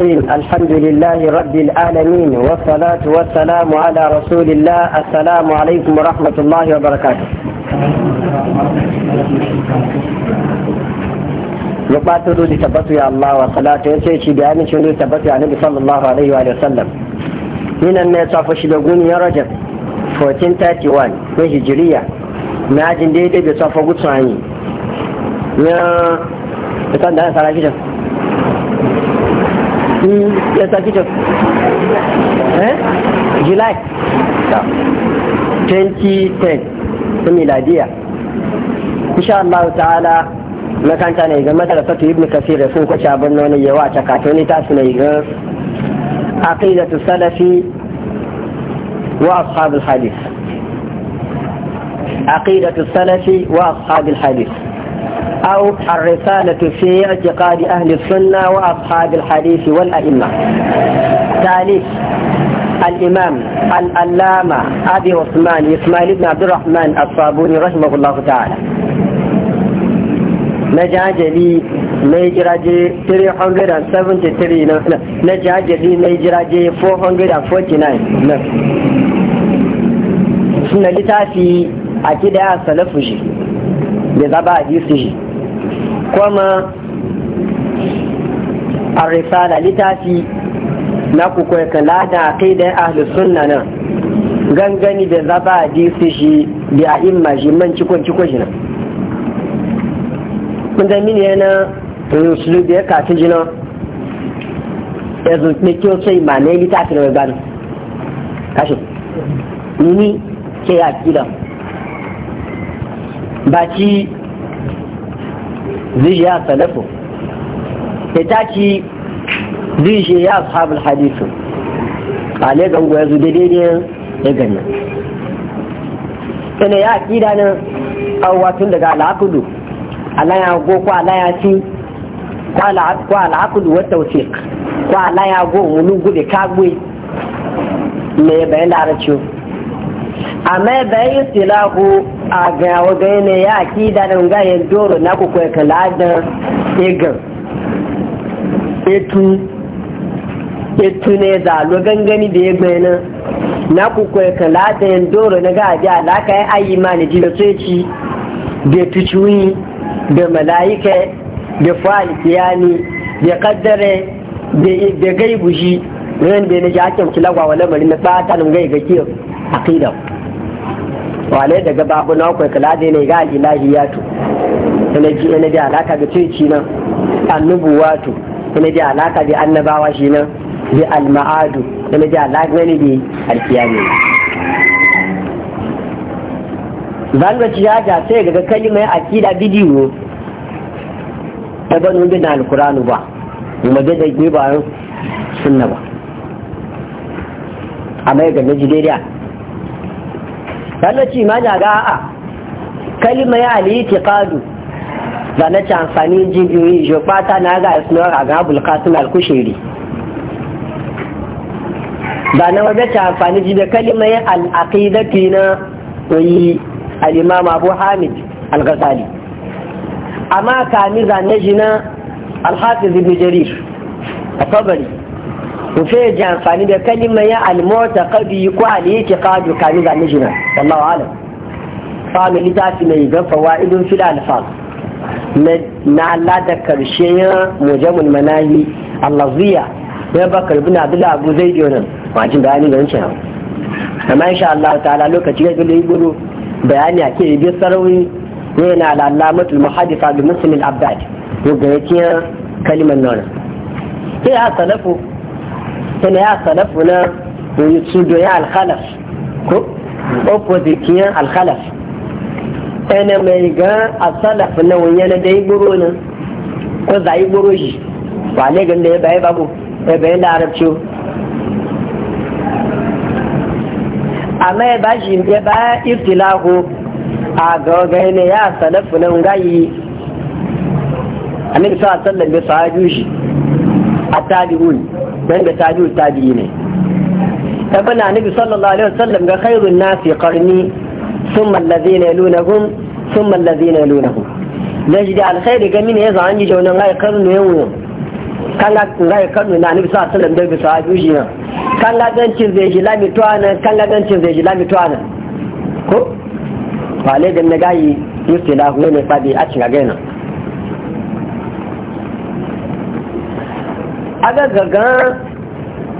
الرحيم الحمد لله رب العالمين والصلاة والسلام على رسول الله السلام عليكم ورحمة الله وبركاته يقاتل رودي يا الله وصلاة يسي شبياني شنو تبتو يا نبي صلى الله عليه وآله وسلم من الناس فشلقون يا رجب 1431 هجرية ناجن ديدي بصفة قدساني يا تتندى سلاكي yes sir teacher eh july 2010 ta miladiya insha Allah ta'ala makanta ne ga madrasatu ibn kasir sun kwace abin nan yawa ta katoni ta su ne ga aqidatu salafi wa ashabul hadith aqidatu salafi wa ashabul hadith أو الرسالة في اعتقاد أهل السنة وأصحاب الحديث والأئمة ثالث الإمام الألامة أبي عثمان إسماعيل بن عبد الرحمن الصابوني رحمه الله تعالى نجاجلي نجراجي 373 نجاجلي نجراجي 449 suna littafi a kida salafu shi da zaba hadisi shi kwama arrisala litafi na kukwai kala da kai ahlus sunna nan gangani da zaba a shi da a shi man cikon cikon shi nan kunda mini yana rusulu da ya kafin shi nan ya zuɓe kyau sai ma na yi littafi na wabanu kashi nini ke ya kila ba ci zai ya salafu ya taci zai shi ya ashabul hadisu a ne goya ya daidai ya gani ina ya da nan awwa tun daga al'akudu alaya go ko alaya ci ko al'akudu wata tawfiq ko alaya go mulu gube kagwe mai bayan ciwo. amma da yi silahu a ga wajen ne ya aki da nan gayen doro na ku kwai kala da egan etu etu ne da lo gangani da ya gbayanin na ku kwai kala da yin doro na gaji alaka ya ayi ma ne jina sai ci da tuciwi da mala'ika da falikiyani da kaddare da gaibushi ran da ya na ji hakin kilagwa wa lamarin na tsata nan gai ga kiyar aƙidar wale daga babu na kwai kala da ne ga al'ilahi ya tu ina ji ina da alaka da ceci nan wa tu ina da alaka da annabawa shi nan al alma'adu ina da alaka ne da alkiyami zalwaci ya ja sai daga kalimai akida bidiyo ta banu al alkuranu ba kuma da ba sunna ba amma ga ji daidai. lalaci ma ga a kalima ya aliki kadu da na ci amfani jibiyoyi jo na ga isnuwar a gabul kasim alkushiri ba na wajen ci amfani jibiyoyi kalima ya al'aqidati na oyi al'imam abu hamid al-ghazali amma kami zane shi na alhafi ibn jarir a tabari وفي جان فاني بكلمة يا المعتقد يقوى الاعتقاد وكامل عن نجنا والله أعلم فهم اللي تعرف ما يقف فوائد في الألفاظ na Allah da karshe ya mujamul manahi allaziya ya bakar bin abdullah abu zai biyo nan wajen bayani ga wancan amma insha Allah ta'ala lokaci ya gudu gudu bayani ake bi sarawi yana ala alamatul muhaddifa bi muslim al-abdad to ga yake a salafu tana ya salafu na su doya alkhalaf ko opposite yan alkhalaf ene mai ga asalaf na wani na dai guro na ko zai guro shi ba ne gan da ya bai babu ya bai da arabci amma ya ba shi ya ba iftilahu a ga ga ne ya salafu na ngai annabi sallallahu alaihi wasallam bai sahabi shi a tabi'un dan da tabi'u tabi'i ne tabbana nabi sallallahu alaihi wasallam ga khairun nasi qarni thumma alladhina yalunahum thumma alladhina yalunahum laji da alkhairi ga mini yaza an yi jawnan ga karnu yawo kan ga ga karnu na nabi sallallahu alaihi wasallam da bi sahabi shi na kan ga gancin zai ji lami to anan kan ga gancin zai ji lami to anan ko wale da nagayi yustilahu ne fadi a cin ga gaina. aga gaga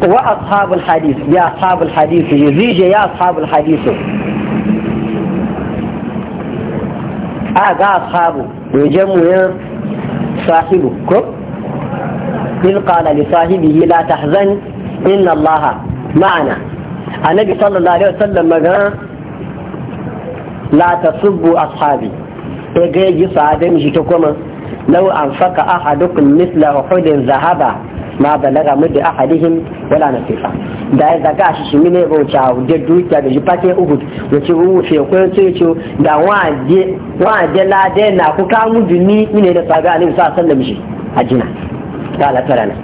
wa ashabul hadith ya ashabul hadith zije ya ashabul hadith aga ashabu yajamu ya sahibu ko in qala li sahibihi la tahzan inna allaha ma'ana annabi sallallahu alaihi wasallam maga la tasubbu ashabi e ga yi sahabin shi ta kuma law anfaqa ahadukum mithla uhudin zahaba ma balaga da ahadihim wala nasifa da ya zaga shi shi mine ba wuce da dukiya da shi fate uhud wace wuce kwayo ce ce da waje waje lade na ku kamu duni mine da saga alim sa sallam shi a jina ta la na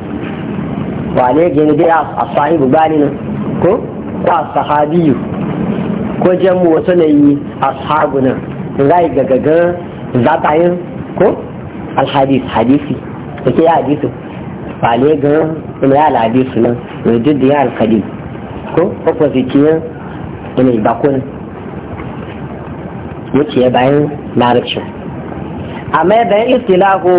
wa ne gani dai a sahibu gani nan ko ko sahabiyu ko mu wasu ne yi a sahabu nan zai gagaga zatayin ko alhadis hadisi da ke yi hadisu fale ga ina ya labe su nan mai duk da ya alkali ko opposite ya ina yi bakon wuce ya bayan larabcin amma ya bayan istilahu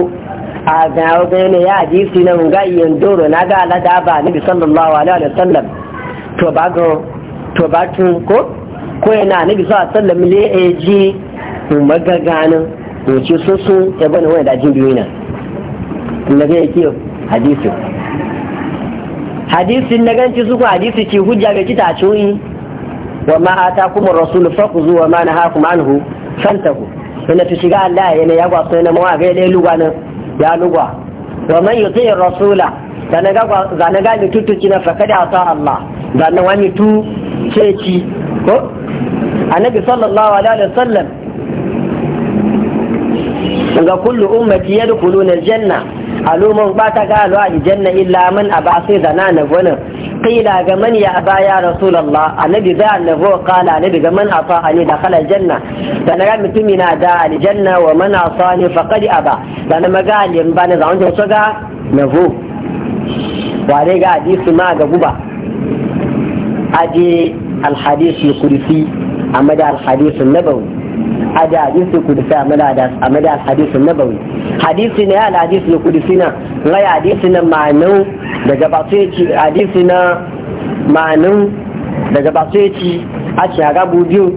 a zanawa ga yana ya su nan ga iya doro na ga alada ba nabi sallallahu alaihi wa sallam to ba ga to ba tun ko ko yana nabi sallallahu alaihi wa sallam le ji magaganin wuce sosu ya bani wani dajin biyu na na ga hadisin hadisin na ganci suku hadisi ce hujja ga kita cuyi wa ma ata kuma rasul faquzu wa ma nahakum anhu fantahu ina tu shiga Allah yana ya gwa sai na mawa ga dai lugwa nan ya lugwa wa man yuti rasula zanaga zanaga ni kina na kada ta Allah zanan wani tu ceci ko annabi sallallahu alaihi wasallam ga kullu ummati yadkhuluna aljanna alumun ba ta galo aljanna illa man aba sai zana na gwanin qila ga man ya aba ya rasulullah annabi da annabo qala annabi ga man afa ani da khala janna dan ga mutumi na da aljanna wa man asani faqad aba dan maga alim bana zaman to ga nabo ware ga hadisi ma ga guba aje alhadisi al-kursi amma da alhadith nabawi a da hadisul kudusi a madar hadisul nabawi hadisi ne al hadisul kudusi na rai hadisi na ma'anin daga ba su yaci hadisi na ma'anin daga ba su yaci a ci a gabu biyu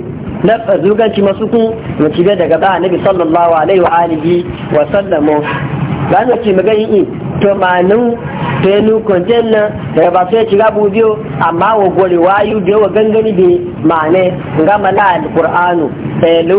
na zuganci masu kun mace daga ba nabi sallallahu alaihi wa alihi wa sallamu ranar ce magani in to manin benu kwanten nan daga ba sai shiga bubiyo amma wa gore wayu da yawa gangani da ma'ane. ga mala alqur'anu pẹ̀lú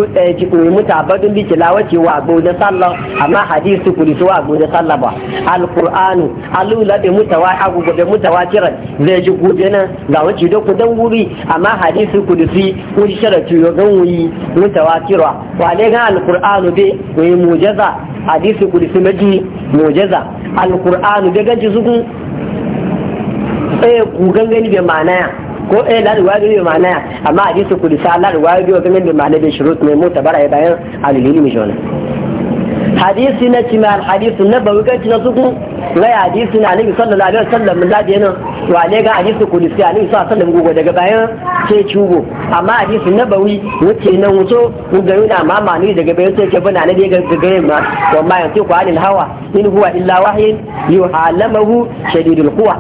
ìmúta abadun bí tìláwọ́ ti wà gbóòdó sálọ àmá hadith kùrì tó wà gbóòdó sálọ bọ̀ alukur'anu alula bẹ mutawa agogo bẹ mutawa tiran zai ji gobe na, ga wacce dokun dan wuri amma hadith kùrì fi wuri shara tuyo gan wuyi mutawa tirwa wale gan alukur'anu bẹ wuyi mujaza hadith kùrì fi maji mujaza alukur'anu bẹ ganci sukun ɗaya eh, ku gangani bẹ ma'ana ko eh la riwaya bi ma'ana amma hadisi kudisa la riwaya bi wannan bi ma'ana bi shurut mai mutabara ya bayan alilimi jona hadisi na cima hadisi na bawukanci cina suku rai hadisi na alibi sallallahu alaihi wasallam mun ladi yana wale ga hadisi kudisi alibi sallallahu alaihi wasallam daga bayan ce cugo amma hadisi na bawi wuce nan wuto ga yana ma mani daga bayan sai ke bana ne daga gare ma wamma yanzu ku alil hawa in huwa illa wahyin yuhalamahu shadidul quwa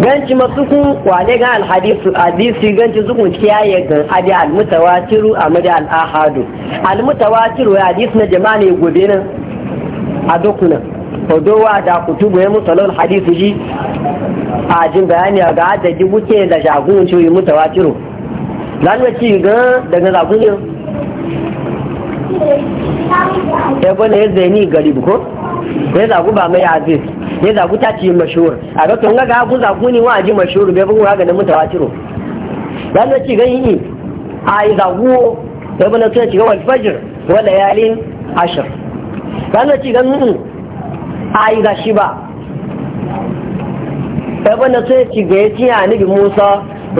ganci masukun wane ga alhadisu hadisi ganci zukun kiyaye ga hadi ciro a madi al'ahadu ciro ya hadisi na jama'a ne gobe nan a dokuna odowa da kutubu ya mutalon hadisu ji a jin bayani ga adadi wuce da shagun ciwo mutawatiru zanuwa ci ga daga zagunin ya bane ya zai ni gari ko ya zagu ba mai aziz ya zagu ta ci mashhur a ga tun ga ku zagu ne wa ji mashhur bai bugu ga na mutawatiro dan na ci gani a yi zagu da bana sai ci ga wal fajr wa layalin ashr dan na ci gani a yi ga shi ba da bana sai ci ga ya a annabi Musa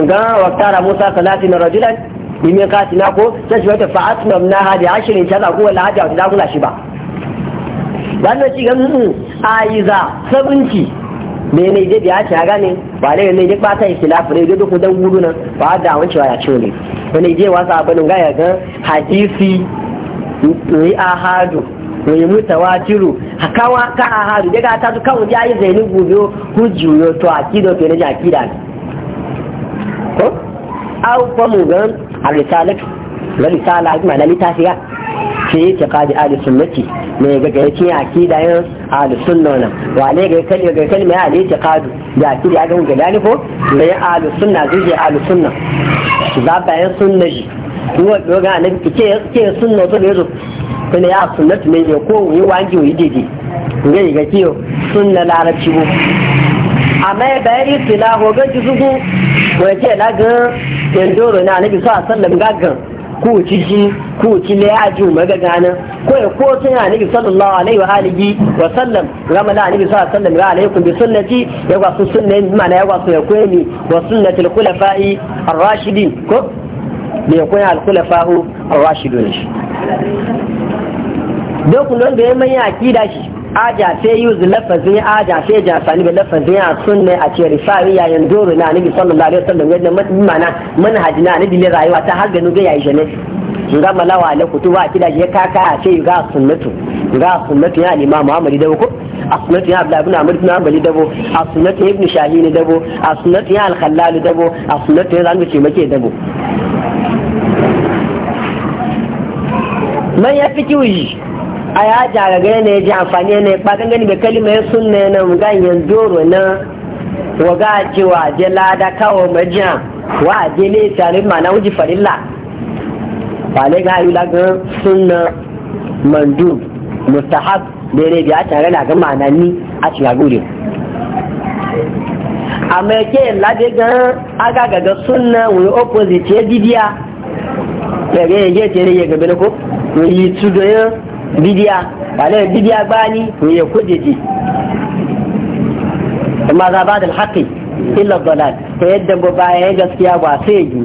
ga tara Musa salatin rajulan bimin katina ko sai shi wata fa'atna min hadi ashrin kaza ko wala hadi da kula shi ba ba na ci gamu a yi za sabunci da ne dai ya ci gane ba ne yanayi dai bata yi filafi ne dai dan gudu nan ba da wani cewa ya ci ne ne je wasa abin ga ya ga hadisi ne ahadu wani mutawatiru hakawa ka ahadu ga ta su kawo ya yi zaini gobe hujjuyo to akido ke na ji akida ne ko au fa mu ga a risalatu ga risala ma da litafiya ce ta qadi sunnati mai ga ga yake akida yin ahlus sunna wa ne ga kalli ga kalli mai ahli tiqadu da akida ya ga gani ko sai ahlus sunna zuje ahlus sunna za ba bayan sunna ji kuma do ga annabi kike ke sunna to ne zo kuma ya sunnatu ne ko yi wanji yi dede ngai ga kiyo sunna larabci ko amma ya bayar istilahu ga jisugu ko ya ce lagan yandoro na annabi sallallahu alaihi wasallam gagan ko ciki ko kile ya ji maga gana ko ya ko tun ya nabi sallallahu alaihi wa alihi wa sallam gama la nabi sallallahu alaihi wa alaikum bi sunnati ya ga su sunne mana ya ga su ya koyi wa sunnatul khulafa'i ar-rashidin ko ne ya koyi al-khulafa'u ar-rashidun dokun don da ya manya a kida shi aja sai uzu lafazin aja sai ja sani ga lafazin ya sunne a ce rifari yayin doro na nabi sallallahu alaihi wasallam yadda mana manhaji na nabi ne rayuwa ta har ganu ga yayi ga malawa la ya kaka a ce ga sunnatu ga ya imam Muhammad da ko a a ya jagaga ne ji amfani ne ba gangani bai kalimar sunna na muganyen doro na waga cewa je lada kawo majiya wa je ne tare ma na wuji farilla ba ne ga yi lagan sunna mandu mustahab da ne biya tare da ga manani a cikin gure amma yake labe ga aga gaga sunna wani opposite ya bibiya ya ga yaje tere ya gabe ko bidiya wale bidiya ba ni ne ya ji amma za ba da haƙi illa dalal ta yadda ba bayan gaskiya ba sai yi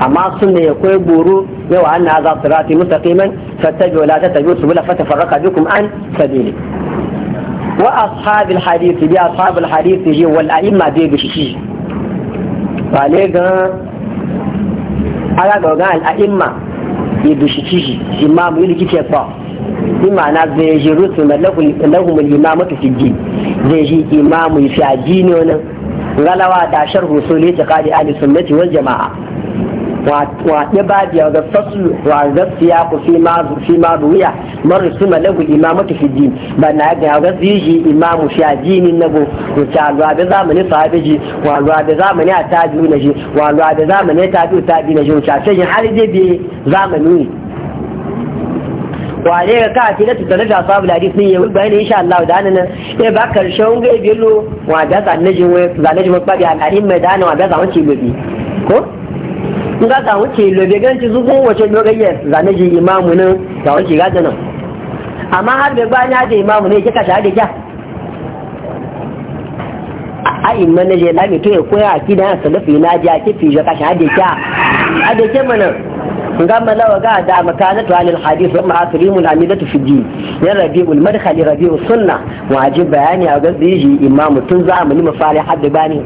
amma sun da ya koyi buru yau an na za su rati ta tabi su bula fata fatafarraqa bikum an sabili wa ashabil hadisi bi ashabil hadisi ji wal a'imma bi ba ne ga ala ga al a'imma bi bishiki imamu yi likita kwa bi ma'ana zai ji rusul lahum al-imamatu fi din zai shi imamu fi addini wani galawa da sharhu ne ta qadi ahli sunnati wal jama'a wa ɗi ba biya ga faslu wa zafiya ku fi ma fi ma ruya mar suma lahu imamatu fi din ba na ga ga shi imamu fi na go ku ta zuwa da zamani sahabi ji wa zuwa da zamani a tabi'u na shi wa zuwa da zamani tabi'u tabi'u na shi ku ta ce har zai bi zamani ne wane ga ka na da tutar da sabu da hadis ne ya wuce bayani insha Allah da nan ya ba karshen ga bello wa da zanajin wai zanajin mai babi al'ahin mai dana wa da zan wuce lobi ko in ga zan wuce lobi ci zugun wace lokaci zanajin imamu nan da wuce gaza nan amma har da bani da imamu ne kika shahada kya ayin manaje lami to ya koya akida salafi na ji ake fi ga shahada kya a da ke mana ngama lawa ga da to alil hadith wa ma'asrimul amidatu fi din ya rabiul madkhal rabiul sunna wajib bayani a ga shi imamu tun za mu zamani mafali hadd bani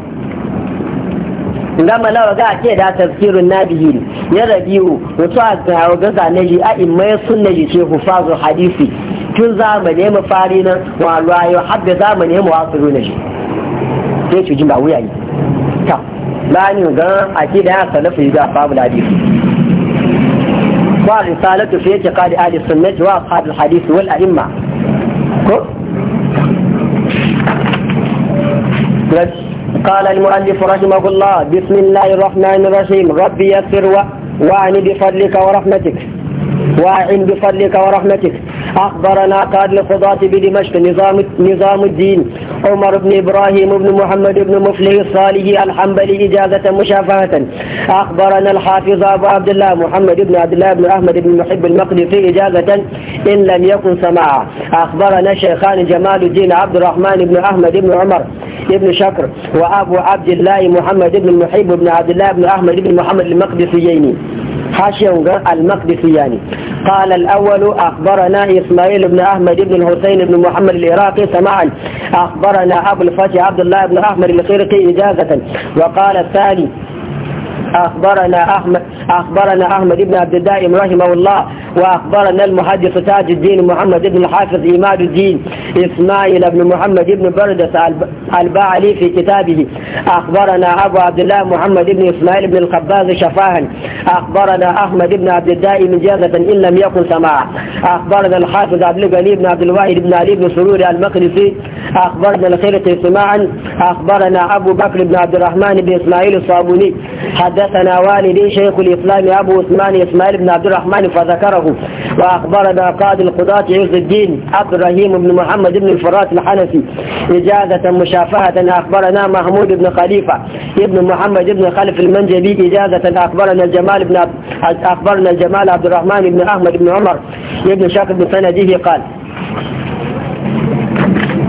ngama lawa ga ce da tafsirun nabihi ya rabiu wa a ga ga zanaji a imma sunna ji ce hufazu hadisi tun za mu zamani mafari nan wa lawa mu zamani muwasiru ne shi sai ci jin ba wuya wuyayi ta bani ga akida ya salafu da babu hadisi ورسالته في اعتقاد أهل السنة وأصحاب الحديث والأئمة قال المؤلف رحمه الله بسم الله الرحمن الرحيم ربي يسر وأعني بفضلك ورحمتك واعن بفضلك ورحمتك أخبرنا قاد القضاة بدمشق نظام, نظام الدين عمر بن إبراهيم بن محمد بن مفلح الصالح الحنبلي إجازة مشافهة أخبرنا الحافظ أبو عبد الله محمد بن عبد الله بن أحمد بن محب المقدسي إجازة إن لم يكن سماعا أخبرنا شيخان جمال الدين عبد الرحمن بن أحمد بن عمر بن شكر وأبو عبد الله محمد بن محب بن عبد الله بن أحمد بن محمد المقدسيين حاشية المقدسي يعني قال الأول أخبرنا إسماعيل بن أحمد بن الحسين بن محمد العراقي سماعا أخبرنا أبو الفتح عبد الله بن أحمد الخرقي إجازة وقال الثاني أخبرنا أحمد أخبرنا أحمد بن عبد الدائم رحمه الله وأخبرنا المحدث تاج الدين محمد بن الحافظ إمام الدين إسماعيل بن محمد بن بردة الباعلي في كتابه أخبرنا أبو عبد الله محمد بن إسماعيل بن الخباز شفاها أخبرنا أحمد بن عبد الدائم جازة إن لم يكن سماع أخبرنا الحافظ عبد الغني بن عبد الواحد بن علي بن سرور المقدسي أخبرنا الخير سماعا أخبرنا أبو بكر بن عبد الرحمن بن إسماعيل الصابوني حدثنا والدي شيخ الإسلام أبو عثمان إسماعيل بن عبد الرحمن فذكره وأخبرنا قاضي القضاة عز الدين عبد الرحيم بن محمد بن الفرات الحنفي إجازة مشاهدة مكافأة أخبرنا محمود بن خليفة ابن محمد بن خلف المنجبي إجازة أخبرنا الجمال بن أخبرنا الجمال عبد الرحمن بن أحمد بن عمر ابن شاكر بن سنديه قال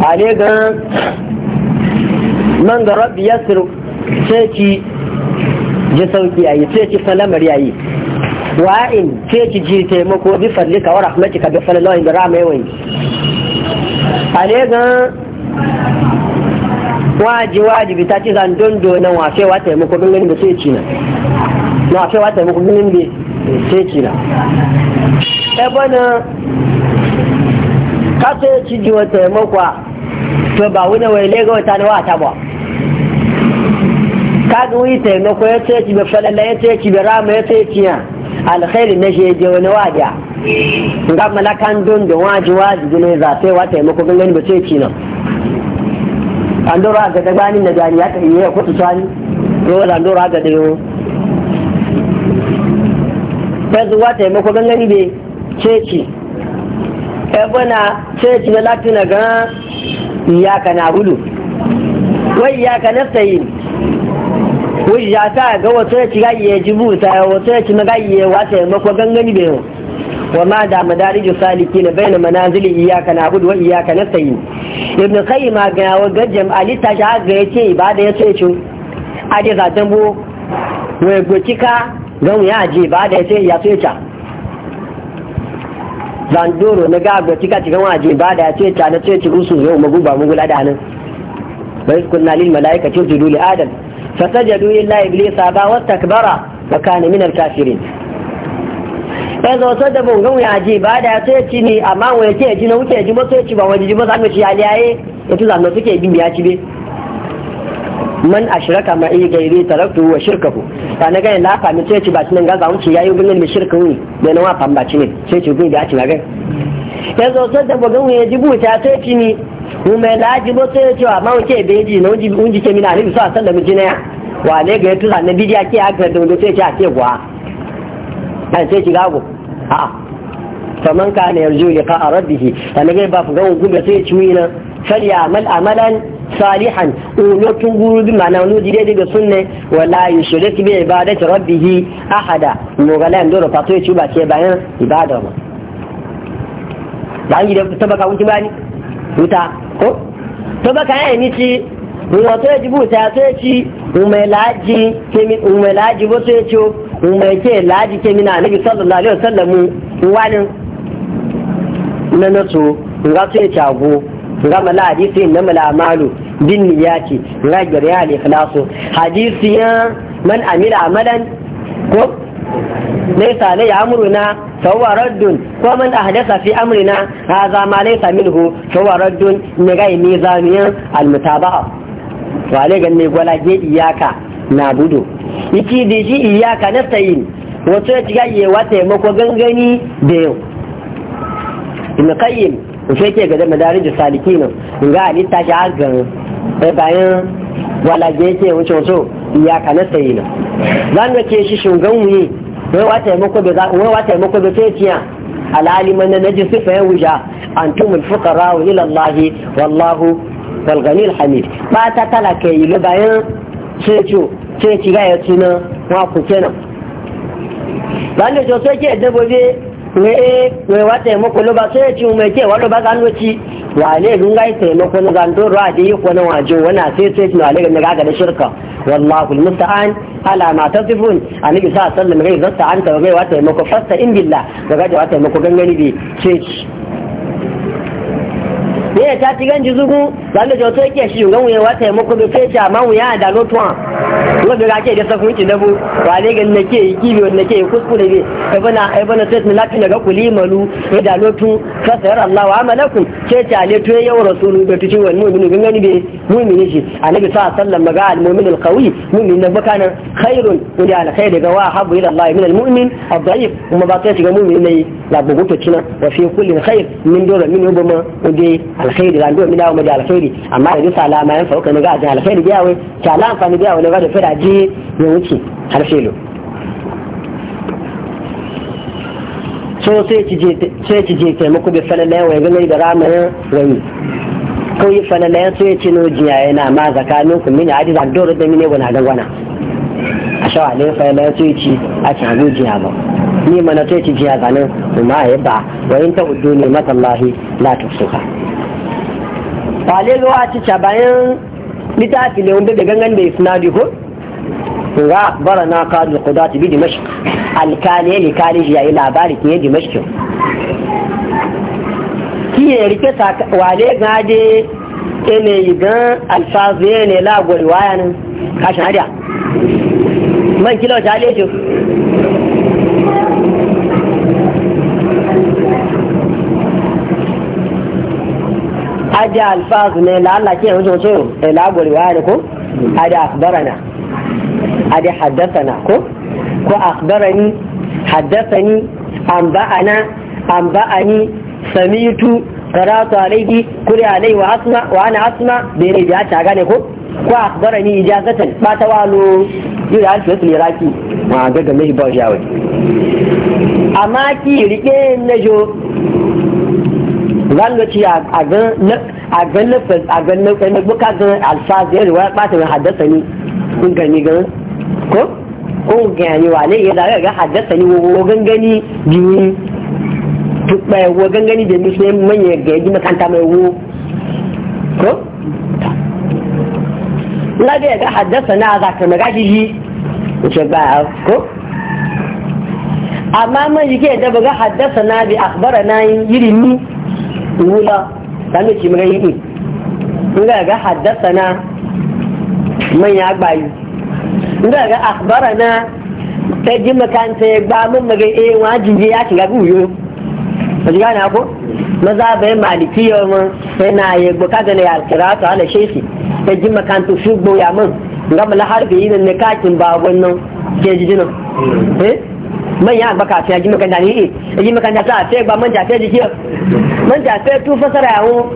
عليك من رب يسر سيكي جسوكي أي سيكي سلامري أي wa'in سيكي جيتي مكو taimako bi fallika wa rahmatika bi وين da waji wajibi ta ce zan dondo na wafe wata taimako muku ganin da sai ci na na wafe wata taimako muku ganin da sai ci na e bana ka sai ci ji wa taimako to ba wani wai lega wata na wata ba ka ga wani muku ya sai ci bai falala ya sai ci bai rama ya sai ci na alkhairi na shi je wani wadiya ga malakan dondo waji waji ne za sai wata taimako muku ganin da sai ci na dora ga da gani na gani ya kai ya kutu sani to da ga aga da yo ta zuwa taimako gani be ceci ebona ceci na latina ga iyaka na bulu wai iyaka kana sayin wai ya ta ga wato ya ci ga iya jibuta wato ya ci ga iya wa taimako gani be yo وما دا مدارج السالكين بين منازل إياك نعبد وإياك نستعين ابن القيم قال وقدم علي تشاء غيتي بعد ba da ذاتنبو ويقوتيكا قوم ياجي بعد يتشو zandoro na gaga tika cikin waje ba da ya ce ta na ce ci rusu yau maguba mugula da nan bai kunna lil malaika tujudu li adam iblisa ba wa kana kafirin ẹzọ sọ́jọ́ bò nǹkan wòye àjì ìbáàdà tó yẹ ti ni àmọ́ àwọn ẹ̀tí ẹ̀jì náà wúkẹ́ ẹ̀jì mọ́ tó yẹ ti bọ̀ àwọn ẹ̀jì mọ́ sáà mẹ́tì alẹ́ ayé ètò ìlànà tó kẹ́ mi àti bẹ́. man ashraka ma iya taraktu wa shirkahu na ci ba wuce yayi da na ba ne sai ci a da ta sai ci ni beji na wuji ke mina sa sallama wa ne ga na bidiya ke aka da wanda sai ci a ce gwa sai ci a faman ka ne yarju liqa rabbih annabi ba fuga gumbe sai ciwina falyamal amalan salihan ulo tunguru bi mana ulo jide daga sunne wala yushrik bi ibadati rabbih ahada mo gala ndoro pato ci ba ke bayan ibada ma dan gida ta tabaka wuce bani wuta ko tabaka yayi ni ci mo to ya jibuta sai ci umelaji kemi umelaji bo sai ciwo. mai ke laji ke mina nabi sallallahu alaihi wasallam wani na nasu ga su ya cago nga mala hadisi na mala amalu bin niyati ga gariya al ikhlasu hadisi ya man amila amalan ko laysa la ya'muruna fahuwa raddun ko man ahdasa fi amrina hadha ma laysa minhu fahuwa raddun ne ga mizaniyan al mutaba'a to ale ganne gwala ge iyaka na budu yake da shi iyaka na sayin wato ya ciga wa taimako gangani da yau ina qayyim sai ke ga da madarijus in ga halitta shi har sai bayan walage ke wuce so iyaka na sayina za mu ke shi shugan wuyi wai wa taimako bai sai tiya alaliman na naji sifa ya wuja antumul fuqara ila ilallahi wallahu wal hamid ba ta talaka yi bayan sai ci gaya suna waku kenan ba ne jo sai ke da dabobe mai wata mu lo ba sai ci mu ke wani ba kan ci wa ne dun ga dunga yi taimako na zando ruwa da yi wa jo wani sai sai ci na alaga ga ga da shirka wallahu almusta'an ala ma tasifun annabi sa sallallahu alaihi wasallam gai zasta an ta wata mu taimako fasta in billah ga ga wata mu taimako gangani bi sai ne ta ci ganji zugu zanda jawato yake shi yungan wuye wata yamako bai fece amma wuya da lotuwa kuma bai rake da safin ki dabu ba ne ga nake yi kibi wanda nake yi kuskure bai ebana ebana sai lafi daga kuli malu ya da lotu fasayar Allah wa amalakum ce ta leto ya yau rasulu da tuci wani mu'minu gangani bai mu'mini shi annabi sa sallam maga al-mu'min al-qawi mu'min da bakanan khairun wanda al khair daga wa habu ila Allah min al-mu'min al daif kuma ba ta shiga mu'min ne la bugu to cina wa fi kulli khair min dora min yobama wanda alkhairi ran do mina wa maji alkhairi amma da sala ma yan sauka ne ga ajin alkhairi biya wai ki ala amfani biya wani ga da fira je ne wuce har filo so sai ci je sai ki je taimako bi falalayen wai gani da ramarin wani kawai falalayen sai ci no jiya yana ma zakanin ku mini aji zan doro da mini wani gangwana a shawa ne falalayen sai ci a ci hagu jiya ba ni mana sai ci jiya zanen kuma ya ba wa ta uddu ne matallahi la tusuka kwale zuwa ci ca bayan littafi ne wanda da gangan da isnadi ko ga bara na kadu kuda ta bi dimashi alkali ne kali ya yi labari ke ki ne rike sa wale gade ene gan alfazu ne lagwari waya nan kashin hariya man kilo ta lejo adi alfazu ne la Allah ke wajen so eh, la gurwa ne ko hmm. adi akbarana adi haddasana ko ko akbarani haddathani anba'ana anba'ani samitu karatu alaihi kuri alai wa asma wa ana asma bai ne ya ta gane ko ko akbarani ijazatan ba ta walo yuri alfatul iraki ma ga ga mai ba shi amma ki rike na jo zangaci a gan nafas a gan nafas na buka gan alfazi yadda wani ɓata mai haddasa ni kun gani gan ko ko gani wa ne ya zaga ga haddasa ni wo gangani biyu tukpa wo gangani da mishi manya ga yi makanta mai wo ko na da ya ga haddasa na za ka maga shi shi wuce ba ko amma man yi ke da ba ga haddasa na bi akbara na yi irin ni wula sami ci mun yi in ga ga haddasa na manya gbayi in ga ga akbara na ta ji makanta ya gba mun maga eh wajin je ya shiga guyo ka ji gane ko maza bai maliki yau mun yana ya gbo kaga ne alkiratu ala shefi ta ji makanta su ya mun ga mala harbi yin ne kakin ba wannan ke jijinan hmm. eh manyan albaka sai yaji makanta ne yaji makanta sa sai ba manja sai jiki manja sai tu fasara yawo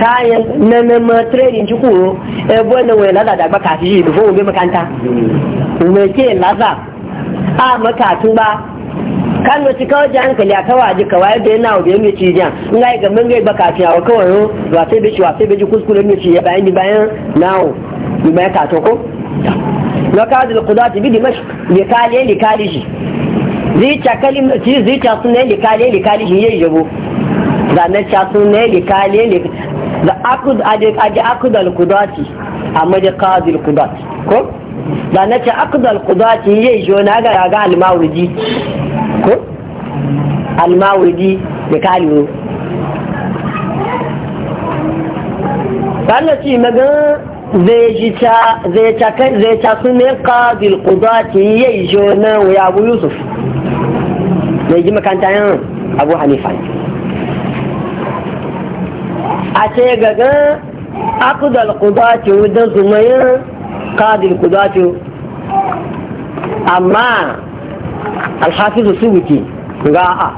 kayan na na ma training ji kuro e bueno we la da baka ji du fo be makanta me ke laza a makatu ba kan wata kawai ji hankali a kawai ji kawai da yana wa biyan ci jan in ga mun ga baka fi a kawai yau ba sai bishi wa sai kuskure kuskuren ci ya bayan ni bayan nawo ni bayan to ko lokacin da kudati bi dimash bi kaliye ni kali shi zica kalim ci zica sun ne likale likale shi yayi jabo da na cha sun ne likale likale da akud aje akud al qudati amma da qadir qudat ko da na cha akud al qudati yayi jo na ga ga al mawridi ko al mawridi likale Allah ci maga zai ta sun ne qadir qudati yayi jo na wa abu yusuf mai ji makanta yan abu hanifa a ce gaga akudal kudatu da zumayin kadil kudatu amma alhafizu subuki ga a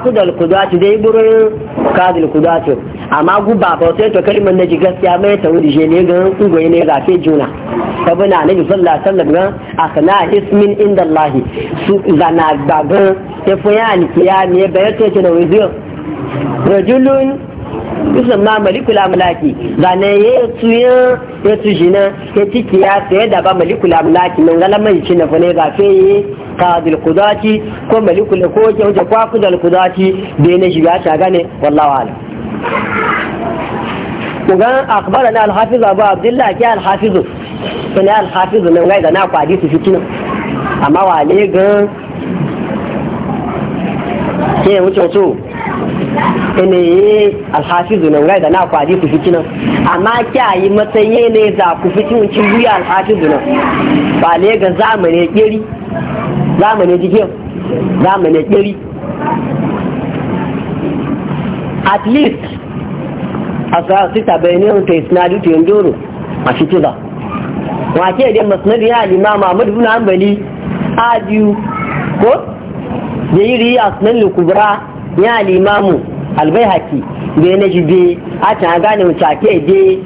akudal kudatu dai burin kadil kudatu amma guba ba sai to kalmar naji gaskiya mai ta wuri je ne ga ungoyi ne ga fe juna sabana nabi sallallahu alaihi wasallam ga akna ismin inda allah su zana ga ya foya ya ne bayar ce da wuri rajulun yusamma malikul amlaki da ne ya tuya ya tuji na ya tiki ya sai da ba malikula mulaki nan gala mai ci na fane ba fe yi ka qudati ko malikula ko ke wuce kwa qadil qudati da ne shiga ta gane wallahi alim kugan akhbarana na alhafizu abu abdullah ke alhafizu hafiz ne alhafizu hafiz nan ga na kwadi su fitina amma wale ga ke wuce wuce ene ye alhafizu nan gai da na ku hadisi fiti nan amma kiyaye matsayin ne za ku fiti mun cin buya alhafizu nan ba le ga zamane kiri zamane jikin zamane kiri at least asa sita bayanin ta sinadu ta yandoro a fitila wake da masnadi ya limama Ahmad ibn Hanbali adiyu ko da yiri asnan al-kubra ya alimamu albaihaki da na jibe a can gane wuce ake de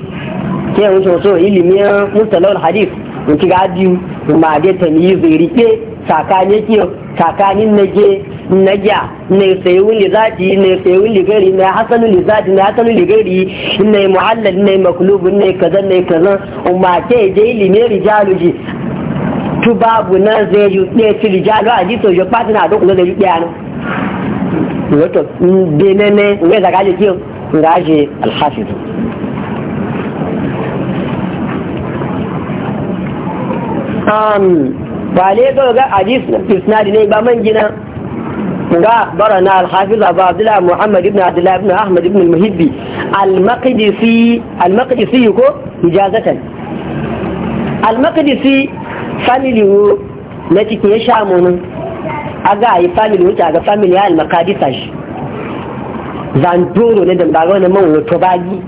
ke wuce wato ilimin mustalawar hadith wuce ga biyu ma ga ta ni zai rike tsakanin kiyo tsakanin nage nagya ne sai wuli zati ne sai wuli gari ne hasanu li zati ne hasanu li gari ne muallal ne maklub ne kaza ne kaza umma ke de ilimin rijaluji tu babu nan zai yi ne ci rijalu a ji sojo patina a dokunan da yi ɗaya wato benene ne daga aje kiyo ga aje alhafiz um ba ne ga ga hadis isnadi ne ba man gina nga barana alhafiz abu abdullah muhammad ibn abdullah ibn ahmad ibn al-muhibbi al-maqdisi al-maqdisi ko ijazatan al-maqdisi family na cikin shamunin a ga a yi family wuce aga ga family ya almakadisa shi zandoro ne da daga wani man wato bagi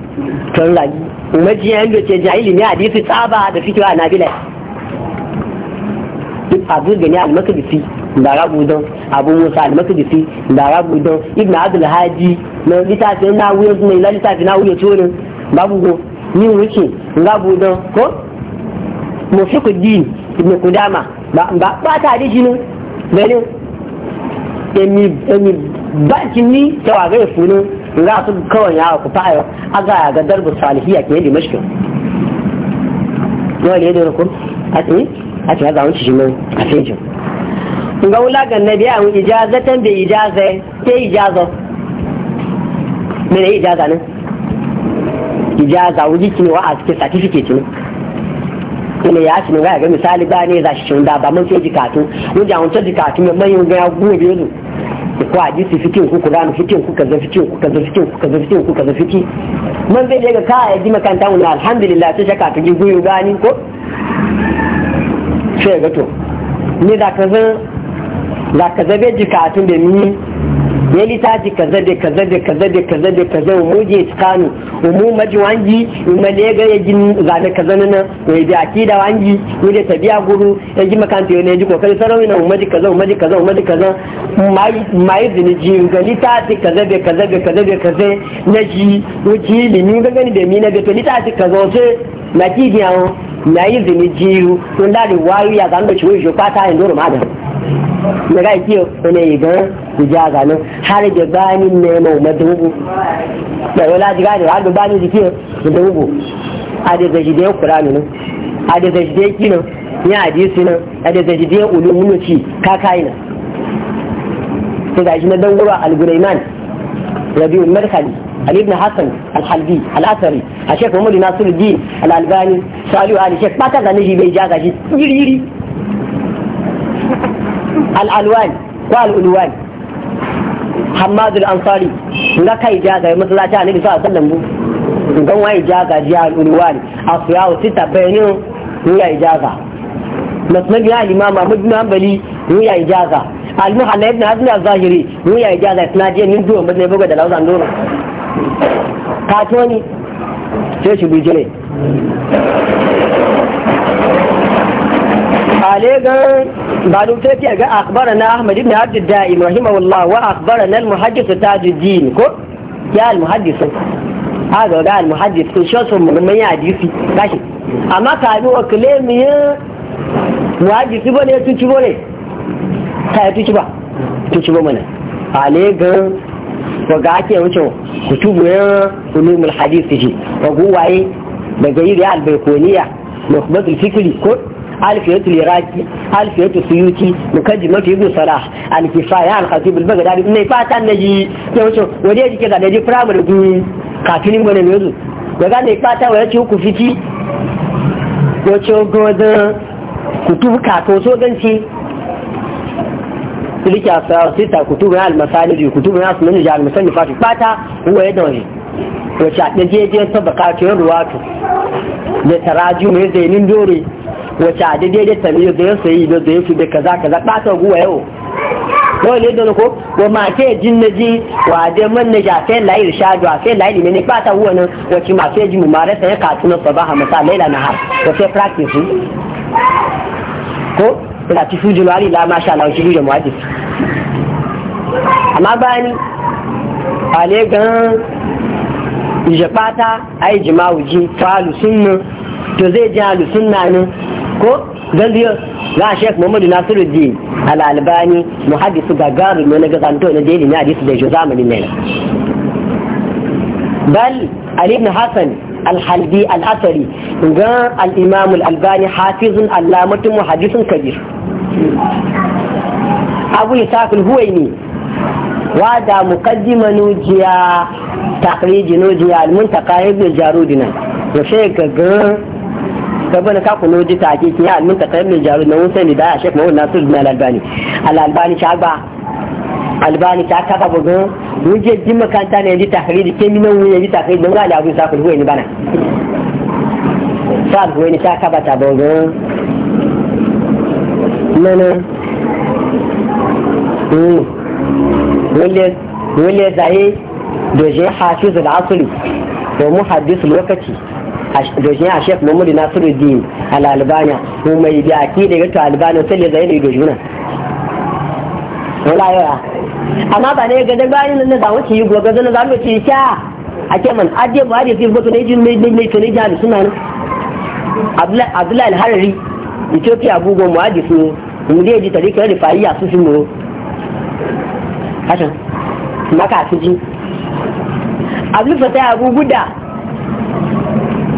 tun ragi umarci ya yanzu ce jahili ne hadisi tsaba da fikira na bila duk abu gani almakadisi da rabu don abu musa almakadisi da rabu don ibn abdul haji na littafin na wuyo na ila littafin na wuyo tonin babu go ni wuce rabu don ko mufiku din ibn kudama ba ta hadisi ne emi baki ni ta wa ga funu nga su kawai ya ku fa a ga darbu salihiyya ke di mashkin dole ne ko a ce a ce ya wuce shi mun a fejin ga wula ga nabi a wani ijazatan bai ijaza ke ijaza mene ijaza ne ijaza wuji ki wa a cikin satifiketi ne kuma ya ci ga ga misali ba ne za shi cin da ba mun sai jikatu mun ji mun jikatu mun mai ga gobe yanzu ko hadisi fitin ku Qur'an fitin ku kaza fitin ku kaza fitin ku kaza fitin ku kaza fiti Man bai daga ka ya ji makanta wani alhamdulillah sai shaka ta gigu gani ko sai ga to ne za ka da kaza bai jikatu da ni ya litafi kaza da kaza da kaza da kaza da kaza wa muje tsakanu wa mu maji wangi in ma ne ga yaji da kaza nan wa yaji akida wangi wa da tabiya guru yaji makanta yau ne yaji kokari sarawi na maji kaza maji kaza maji kaza mai zini ji ga litafi kaza da kaza da kaza da kaza na ji wuci limi ga gani da na da to litafi kaza wace na kidiyan na yi zini jiru tun da da ya zan da ciwo shi kwata yin doro madan na ga kiyo ne igan ku ja ga nan har da bani ne mu madubu da wala ji ga da har da bani ji kiyo madubu a da gaji da Qur'ani nan a da gaji da kino ya hadisi nan a da gaji da ulumunu ci kakai nan sai ga na dangura al-Guraiman Rabiul Markali Ali ibn Hassan al-Halbi al-Asari a Sheikh Muhammad Nasiruddin al-Albani Salihu Ali Sheikh ba ta ga ne bai ja ga shi yiri yiri al'alwani ko al'ulwani hamadul ansari nga kai jaga masallaci a nabi sallallahu alaihi wasallam gan waye jaga ji al'ulwani a su yawo sita bayanin ni ya ijaza masnabi ya limama ahmad bin hanbali ni ya ijaza al-muhalla ibn hazm az-zahiri ni ya ijaza isnadiya min duwa madne buga da lawzan nuna ka toni sai shi bije ne ale gan قالوا تاتي اخبرنا احمد بن عبد الدائم رحمه الله واخبرنا المحدث تاج الدين كو يا المحدث هذا هو المحدث كل شخص من يحدثي ماشي اما كانوا كلام محدث بني تنتي بني ta yi tuci ba tuci ba mana a legan waga ake wucin kutubu ya ulumul hadisi shi wagu waye daga alfiyatul Liraki, alfiyatul suyuti mukaddimat ibn salah al-kifaya al-khatib al-baghdadi ne fatan ji. ke wato wani yake ga da primary gun kafin gwanin yanzu daga ne fata wa yace ku fiti wato godan kutu ka to so ganci tilike asrar sita kutu ga al-masalih kutu ga sunan jami'an musannifat fata huwa yadawi wace a ɗajejen ta bakatun ruwatu da taraju mai zainin dore wace a daidai da tamiyo da ya sayi da da ya fi da kaza kaza ɓata guwa yau wọ́n lè dọ́nà kó wọ́n máa tẹ́ ẹ̀dín méjì wà á dé mọ́nẹ́jà fẹ́ láì ìrìṣàjò àfẹ́ láì lè ní pátá wọ́n náà wọ́n ti máa fẹ́ jù mọ́ rẹ̀ sẹ́yìn kàtúnà sọ̀bá àmọ́sá lẹ́yìn àná hà wọ́n fẹ́ practice ko da ti fuji lo ali la ma sha Allah shi da muhaddis amma bani ale gan je pata ai jima'u ji falu sunna to zai ji alu sunna ne ko don biyo za a shek muhammadu nasiru al'albani muhaddisu gagaru ne na gazanto na jeli na hadisu da jo zamanin nan bal ali ibn hassan alhalbi al'asari ga al'imamu al'albani hafizun allamatun muhaddisun kabir abu isakul huwai ne wa da mukaddima nujiya takriji nujiya almuntaka ibn jarudina ya shek gaba ka kuno ji ta ake kiya almin ka tayin mai jaru na wusa ne da ya shek mawun nasu na albani al'albani sha ba albani ta kaba bugu wuje ji makanta ne ji tahriri ke minan wuya ji tahriri don ga da abu sa kulhuwa ne bana sa kulhuwa ne ta kaba ta bugu nana hmm. wale wale zaye doje hafiz al-asli wa muhaddis lokaci dojin a shek mahmudu nasiruddin al'albaniya mu mai da aki da gato albaniya sai da zainu da juna wala yawa amma ba ne ga da bayan nan da wuce yi goga zan zamu ya sha ake man aje ba da zai goto ne jin mai ne to ne jami suna ne abdullahi harari ethiopia gugu muhadisu mu dai ji kare Fariya su sun mu hasan maka su ji abdul fatah abu da.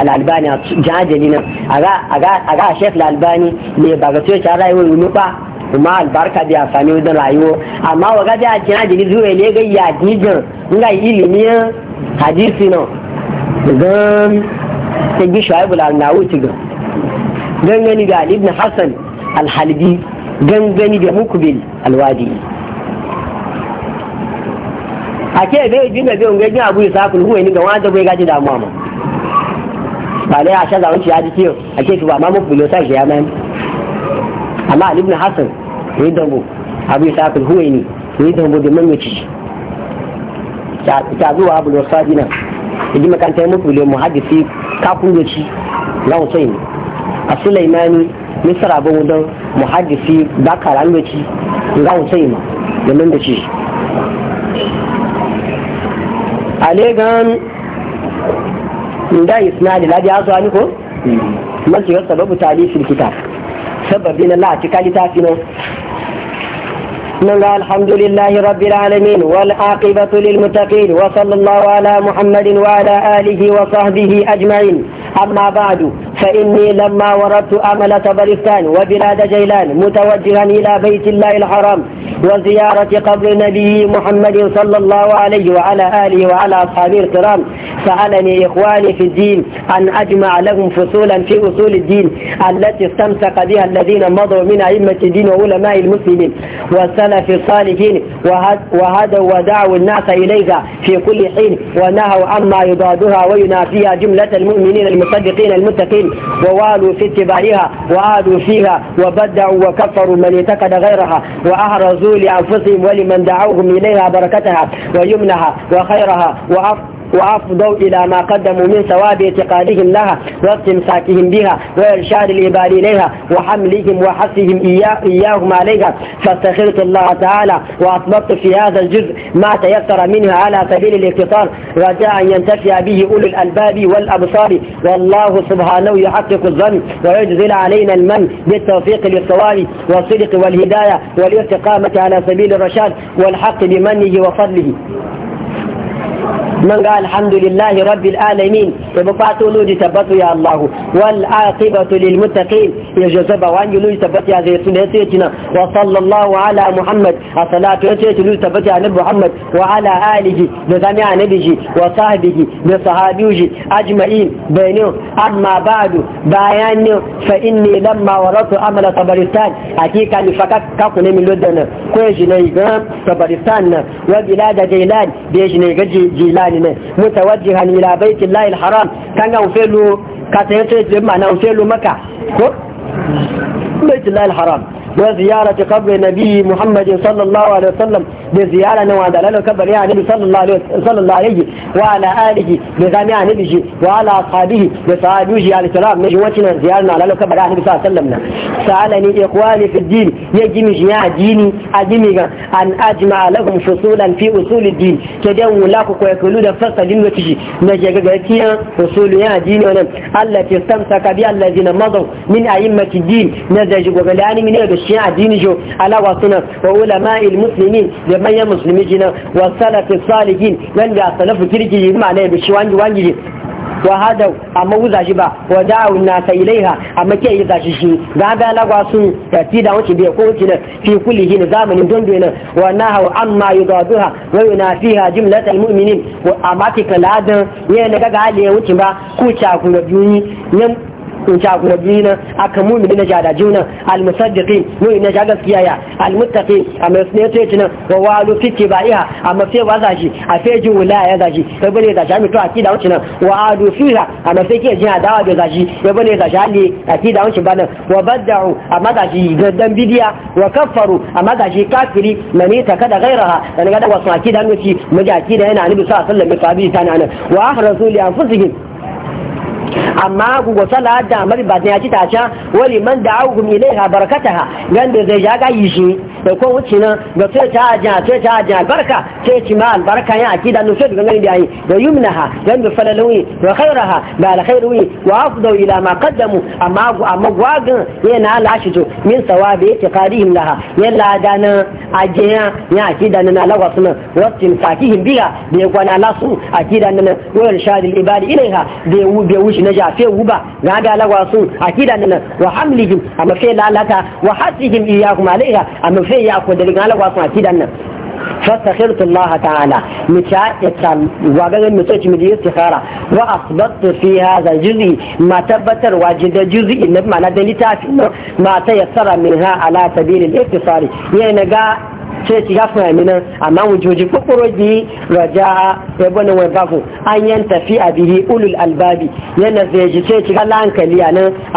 al'albani a jihajali nan a ga shek al'albani ne ba ga tuyo can rayuwar wani ba kuma albarka da ya sami wajen rayuwa amma wa ga jiha jihajali zuwa ne ga ya jijin nga ilimin hadisi nan gan ta gi shu'aibul al-nawuti ga gangani da ibn hassan al gangani da mukbil al-wadi ake bai jinda bai ungaji abu isa kulhu ne ga wanda bai gaji damuwa ma falai a shaza wuce ya ji ciwo a ke tuba ma mafi lo shi ya mani amma a libna hassan ya yi dango abu ya sakin huwe ne ya yi dango domin ci ta zuwa abu losa dina ya ji makarantar mafi lomu hadisi kafin da ci na hussein a sulaimani misra abu wudan muhaddisi bakara da ci na hussein domin da ci a legan min da isnadi la ja zuwa ni ko man ce sababu talifin kitab sababi na la ci kalita fi nan من الحمد لله رب العالمين والعاقبة للمتقين وصلى الله على محمد وعلى آله وصحبه أجمعين أما بعد فإني لما وردت أملة بلستان وبلاد جيلان متوجها إلى بيت الله الحرام وزيارة قبر نبي محمد صلى الله عليه وعلى آله وعلى أصحابه الكرام سألني إخواني في الدين أن أجمع لهم فصولا في أصول الدين التي استمسك بها الذين مضوا من أئمة الدين وعلماء المسلمين والسلف الصالحين وهدوا ودعوا الناس إليها في كل حين ونهوا عما يضادها وينافيها جملة المؤمنين المصدقين المتقين ووالوا في اتباعها وعادوا فيها وبدعوا وكفروا من اعتقد غيرها وأهرزوا لأنفسهم ولمن دعوهم إليها بركتها ويمنها وخيرها وأف وأفضوا إلى ما قدموا من ثواب اعتقادهم لها واستمساكهم بها وإرشاد العباد إليها وحملهم وحثهم إياهم عليها فاستخرت الله تعالى وأطلقت في هذا الجزء ما تيسر منها على سبيل الاقتصار رجاء أن ينتفع به أولو الألباب والأبصار والله سبحانه يحقق الظن ويجزل علينا المن بالتوفيق للصواب والصدق والهداية والاستقامة على سبيل الرشاد والحق بمنه وفضله من قال الحمد لله رب العالمين يبقاتو لوجي تبتو يا الله والعاقبة للمتقين يجزب وانجي لوجي تبت يا زي سنة وصلى الله على محمد الصلاة يتيتي لوجي تبت يا نبي محمد وعلى آله نزمع نبيه وصاحبه نصحابيه أجمعين بينهم أما بعد بيان فإني لما ورطت عمل طبرستان حقيقة نفكك كاكونا من لدنا كويجي نيغام طبرستان وبلاد جيلان بيجي نيغجي جيلان ne mutawajjihan ila baitillahi alharam kan ga ufelu ka tayato na mana ufelu maka ko baitillahi alharam وزيارة قبر نبي محمد صلى الله عليه وسلم بزيارة نواد له قبر يا يعني نبي صلى الله عليه صلى الله عليه وعلى آله بزامع نبيه وعلى أصحابه بصحابه عليه السلام نجي وتنا زيارنا على له يا يعني نبي صلى الله عليه وسلم سألني إخواني في الدين يجي مجيا ديني أديني أن أجمع لهم فصولا في أصول الدين كدو لاكو كويكلو دا فصل دين وتجي نجي قلتيا أصول يا ديني التي استمسك بها الذين مضوا من أئمة الدين نزج وغلاني يعني من يدش cikin addini jo ala wa suna wa ulama il muslimin da manyan musulmi jina wa salafi salihin wanda salafu kirki ma na bi shi wangi wangi wa hada amma wuza shi ba wa da'u na sai ilaiha amma ke yi zashi shi ga ga lagwa sun tafi da wace bai ko wace fi kulli hin zamanin dondo nan wa nahu amma yudaduha wa yunafiha jumlat almu'minin wa amati kaladan yana ga ga ya wuce ba ku ta ku da in sha kuma na aka mumi na jada juna almusaddiqin mu na ja gaskiya ya almuttaqin amma sai to yace nan wa walu fiti ba amma sai ba zaji a sai ji wulaya zaji sai bane da jami to akida wuce nan wa adu fiha amma sai ke ji dawa da zaji sai bane da jali akida wuce ba nan wa badda'u amma da ji gaddan bidiya wa kaffaru amma da ji kafiri mani ta kada gairaha dan ga da wasu akida nuci mu ji akida yana nabi sallallahu alaihi wasallam sabi ta nan wa ahrazu li anfusihim amma gugu sala da mari ba ya ci ta ca wali man da auhum ilaiha barakataha ganda zai ja ga yi shi da ko wuce nan ga sai ta aja sai ta aja barka sai ci ma albarka ya akida no sai gangani da yi da yumnaha ganda falalawi wa khairaha da alkhairu wa da ila ma qaddamu amma amma gwagin yana lashi to min sawabi itiqadihim laha yalla dana ajiya ya akida na lawa suna wasin fakihim biya da ya kwana lasu akida na wa irshadil ibadi ilaiha da ya wuce na jafe guba na ga lagwa su a kida nan wa hamlihim a mafi lalata wa hatsihim iya kuma alaiha a mafi ya ku da ga lagwa su a kida nan fastakhirtu Allah ta'ala mica ita wa ga mun tsaci mu yi istikhara wa asbatu fi hadha ma tabbatar wa jida juz'i na ma'ana da litafi ma tayassara minha ala sabil al-ittisali yana ga sai ci ga fún ẹ̀mí náà àmọ́ àwọn òjòjì kókóró di rọ̀já ẹgbọ́n ní wọn báko anyan tafi àbíyí ulul albabi yana zai ji sai ci ga láǹkàlì a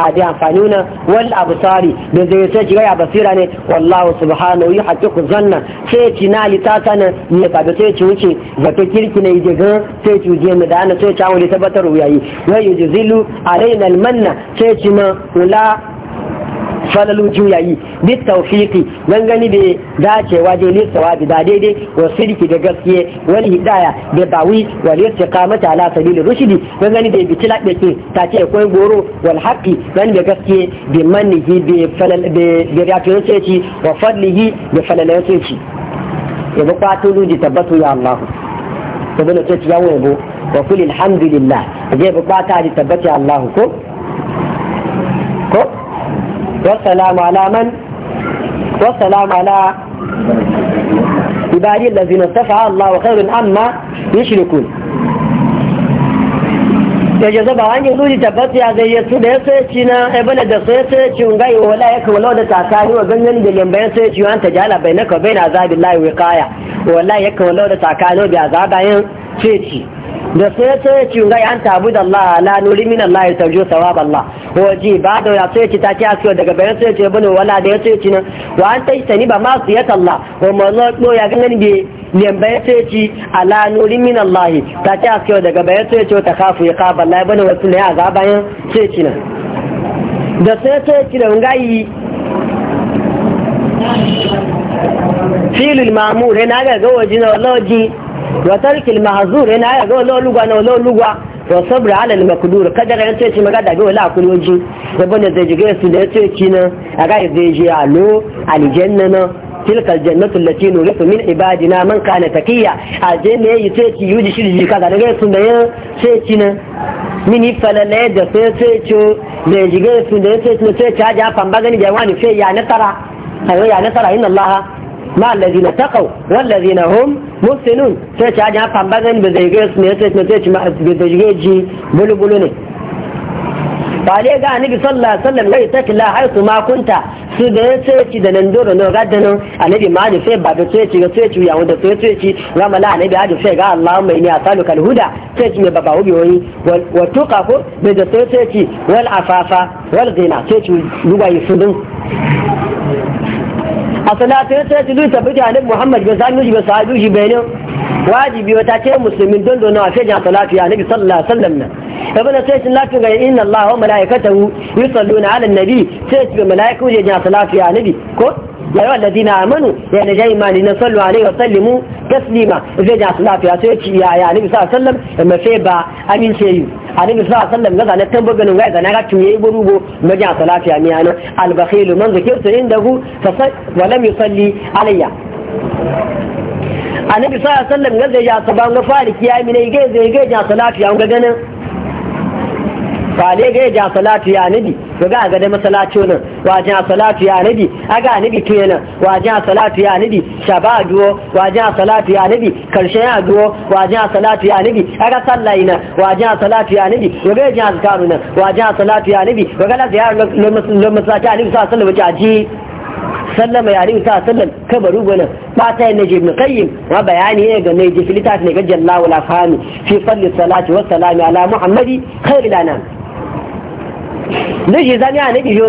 àdé amfani na wal abusari da zai sai ci ga basira ne wallahu subhanahu yi hakiku zanna sai ci na litata na ne kaga sai ci wuce zato kirki na ije gan sai ci mu da ana sai ci awon tabbatar wuyayi wai yujizilu alaina almanna sai ci na ula falalu juyayi bit tawfiqi gangani da dacewa waje ne sawabi da daidai wa sirki da gaskiye wani hidaya da bawi wal istiqamata ala sabili rushdi gangani da bi tilak dake ta ce akwai goro wal haqqi dan da gaskiye bi mannihi bi falal bi riyatun sai wa fadlihi bi falalan sai ya ba kwatulu ji tabbatu ya Allah ta bana ce ya wa kulil hamdulillah zai ba kwata ji tabbata ya Allah ko والسلام على من والسلام على عبادي الذين اصطفى الله وخير أما يشركون da ya zaba hanyar nuni tabbata ya zai yasu da ya sai ci na ebana da sai sai ci un gai wala ya kawo da takani wa gangan da yamba ya sai ci an ta jala bai naka bai na zabi lai wa kaya wala ya kawo da takani wa bi azabayin sai ci da sai ta yi ci ga an tabu da Allah la nuri min Allah ya tarjo sawab Allah waje ba da ya sai ci ta ci asiyo daga bayan sai ce bane wala da ya sai ci na. wa an tai sani ba ma su ya talla wa mallo do ya ganin be ne bayan sai ci ala nuri min Allah ta ci asiyo daga bayan sai ce ta kafu ya ka balla bane wasu ne a ga bayan sai ci na. da sai sai ci da ngai filul mamur na ga ga waje na wallahi wa tarkil mahzur yana ya ga wala lugwa na wala lugwa wa sabr ala al makdur kada ga yace maga da ga wala kuloji da bane da jige su da yace ki aga ya zai ji alo aljanna na tilka aljannatu allati nurithu min ibadina man kana taqiya aljanna yace ki yuji shirji kaga da su da yace ki na mini falale da sai sai ce da jige su da yace ki na ta ja famba gani jawani sai ya nasara ayo ya nasara inna allaha ma na taqaw wallazina hum muhsinun sai ci ajin hafan bazan ba zai gaisu ne sai sai ci da jigeji bulubulu ne bale ga annabi sallallahu alaihi wasallam lai taki haitu ma kunta su da sai ci da nan doro no gaddano annabi ma ne sai ba da sai ci ga sai ci ya wanda sai ce ci ga mala annabi hadu sai ga mai ni asaluka alhuda sai ci me baba hubi wani wa tuqafu da sai ce ci wal afafa wal ghina sai ci duba yi a salatin sai ta duka bi ta annabi Muhammad bin sami bin sahabi shi bayanin wajibi wata ce musulmin don don a fejin salati annabi sallallahu alaihi wasallam na ibn sai sun lafi ga inna Allah wa malaikatahu yusalluna ala nabi sai su malaikatu ya salati annabi ko ya yi wadda na amanu ya na jayi mani na sallu a wa sallimu taslima zai ja su lafiya sai ya ci ya yi nabi sallallahu sallam ya mafe ba ce yi annabi sallallahu sallam gaza na tambaganin ga na ya yi burugo maja su lafiya mi yana albakhilu man zakirtu indahu fa walam salli alayya annabi sallallahu sallam gaza ya saban ga fariki ya mi ne gaza ya gaza ja su lafiya ga ganin fale ga ja salatu ya nabi to ga ga da masalacin nan wa ja salatu ya nabi aga nabi to yana wa ja salatu ya nabi shaba duwo wa ja salatu ya nabi karshe ya duwo wa ja salatu ya nabi aga sallai na wa ja salatu ya nabi to ga ja azkaru nan wa ja salatu ya nabi to ga la ziyar lo masallaci ali sallallahu alaihi wasallam ji sallama ya nabi sallallahu alaihi wasallam kabaru gwanin fata na jibin kayyim wa bayani ne ga mai jifilita ne ga jalla wala fami fi salli salati wa salami ala muhammadi khairil anam lóṣì ní ànábì yóò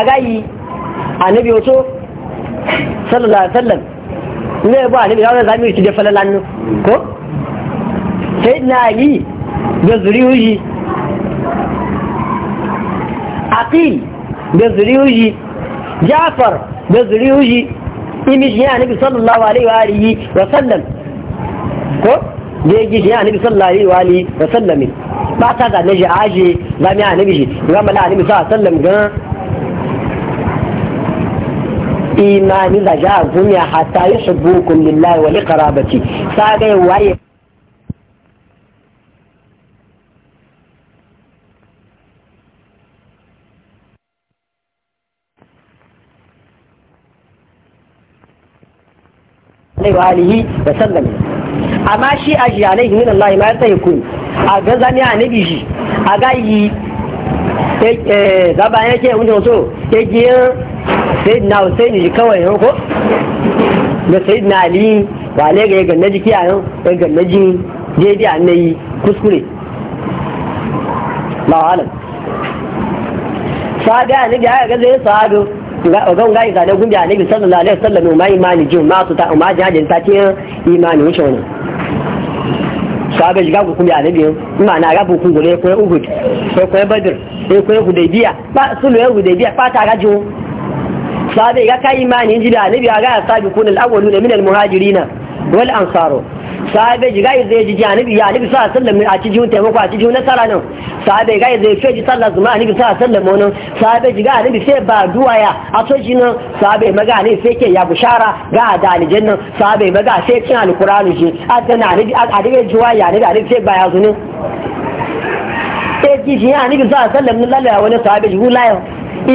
agáyí ànábì yóò tó sallallahu alaihi wasallam ilé ẹ̀bọ́ ànábì yóò rẹ̀ zami ìtìdẹ̀ fẹ́lẹ́ lánú kó sai na yí gbẹ̀zùrí zuriyoyi aqil da zuriyoyi jafar da zuriyoyi imishi ya ànábì sallallahu alaihi wa yìí wa sallam ko da ya gishi ya nabi sallallahu wa alihi wa sallam ba ta da naji aje za mu ya nabi shi ga mala nabi sallallahu alaihi wa sallam ga imani da ja gumiya hatta yuhibbukum lillahi wa liqarabati sagai waye wa alihi wa sallam amma shi a shi alaihi min Allah ma yi ku a ga zani nabi shi a ga yi eh, eh ya ke wanda so yake sayyidina Hussein ji kawai yau ko da na Ali ba ne ga ganna jiki a yau ga ganna ji na yi kuskure lawalan saga annabi aka ga zai sado gon gai zane gumbi nabi sallallahu alaihi wasallam ma imani jin ma su ta ma jihadin ta ce imani wuce wannan sahabe shiga ku kuma annabi ma na rabu ku gure ko uhud ko ko badr ko ko hudaybiya ba sulu ya hudaybiya fa ta gajo sabe ga kai imani inji da annabi ga sabi kun awwalu awwaluna min al-muhajirina wal ansaro sahabe ji gai zai ji ji anabi ya anabi sa sallam a ci jiun taimako a ci jiun nasara nan sahabe gai zai fe ji sallah zuma anabi sa sallam nan sahabe ji ga anabi sai ba duwa ya a so ji nan sahabe maga anabi sai ke ya bushara ga da aljanna sahabe maga sai cin alqur'ani ji adana anabi anabi juwa ya anabi anabi sai ba ya zunu sai ji ji anabi sa sallam nan lalla wani sahabe ji hulayo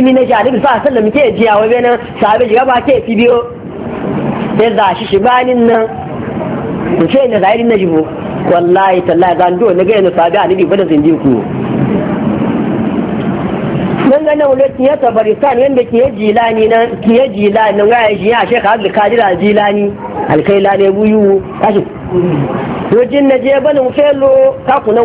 imi na ji anabi sa sallam ke ji ya wa sahabe ji ga ke fi biyo sai za shi shibanin nan ku ce na zahiri na jibo wallahi tallahi zan do na gaya na sabi alibi bada zindi ku nan ga nan lokacin ya tabaristan yanda ke jilani nan ke jilani nan ga ya jiya shekha abdul kadir al jilani ne buyu kashi rojin na je bani mufelo kaku na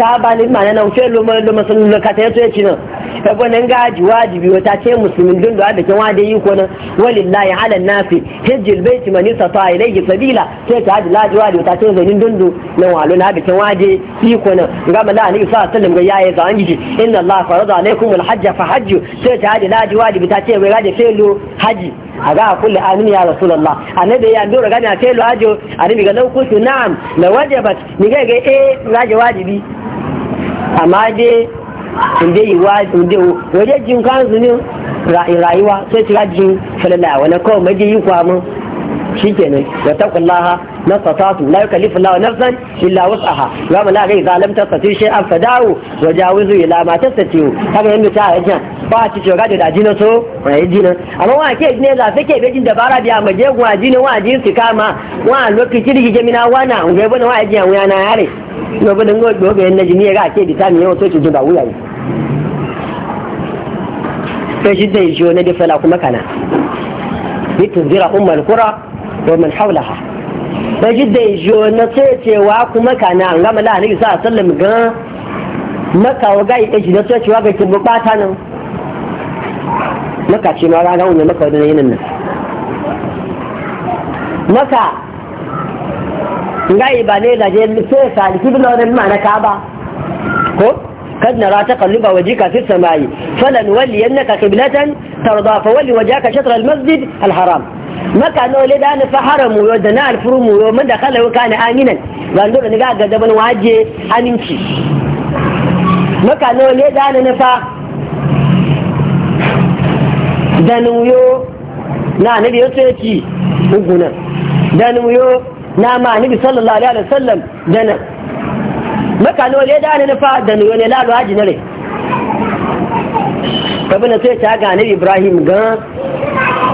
ka ba ni ma na mufelo ma lo masun lo ka tayato ya cinan ka gwanin gaji wajibi wata ce musulmin dun da kin yi ko walillahi ala nafi hijjil baiti man yastata ilayhi sabila sai ta haji laji wade wata ce zanin dun na walo na da kin wade yi ko ga mala ni sa sallam ga yaye ga inna allah farada alaikum alhajj fa hajj sai ta haji laji wade ta ce ga gaje felo haji a ga kulli amin ya rasulullah annabi ya ndora ga na felo annabi ga na'am da wajabat ni ga ga eh ga wajibi amma je inda yi wajibi wajen jin kansu ne rayuwa sai ci ga jin falala wani kawai maje yi kwamin shikenan wa taqullaha nastata'tu la yukallifu Allahu nafsan illa wus'aha wa ma la idza lam tastati shay'an fadahu wa jawizu ila ma tastati kaga yanda ta yaji ba ci ce gadi da jina so wa yaji nan amma wa ke ne za fake bejin bara biya ma je gwa jina wa jin su kama wa lokaci digi je mina wana ngai bana wa yaji wa na yare no bana ngo do ga yanna jini ga ke bitami yau to ci da wuya sai shi da yiwo na da fela kuma kana zira umar kura ومن حولها فجد يجونا سيتي واكو مكانا نعم. لما لا نبي صلى الله عليه وسلم قال وقاي تجد سيتي واقع تبقاتنا مكا نعم. شما رانا هنا مكة ودنين الناس مكة ngai ba ne da je sai ka kibla wannan ma na kaba ko قد نرى تقلب وجهك في السماء فلنولينك قبلة ترضى فولي وجهك شطر المسجد الحرام maka no le da na fahara mu yo da na alfuru mu yo mun da kala yo kana aminan gando da ga ga daban waje aminci maka no le da na fa da nu yo na ne yo ce ci ugunan da nu yo na ma bi sallallahu alaihi wasallam da na maka no le da na fa da nu yo ne lalu haji na rai kabin sai ta ga nabi ibrahim ga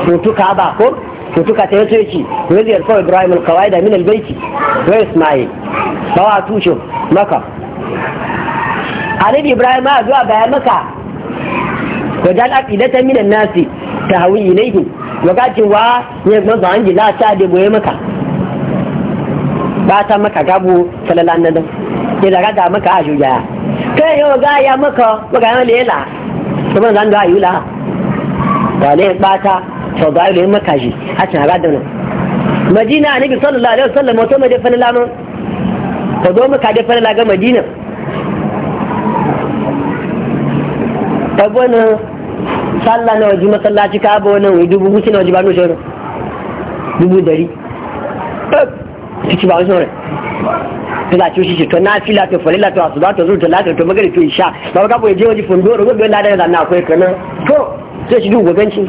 hutu ka ba ko kutuka ta yato yake wani kawai ibrahim alkawaida min albaiti wa ismail bawa tushen maka annabi ibrahim ya zuwa bayan maka wa jal aqidatan min minan nasi hawi ilayhi wa gajin wa ne maza an gila ta da goye maka ba ta maka gabo salalan nan ke daga da maka a juya kai yau ga ya maka maka yana lela kuma zan da ayula ba bata da yin makashi a cin haɗa da nan madina a nabi sallallahu alaihi wasallam wato mai dafa lalama ka zo maka dafa lalaga madina ɗagbona sallah na waje masallaci ka abu wani wai dubu wuce na waje ba nuna shi dubu dari ciki ba wasu ta zace shi shi to na fila to falila to ba to zuwa to lafiya to magana to isha ba ka boye je waje fundoro gobe ladan da na akwai kana to sai shi dubu goganci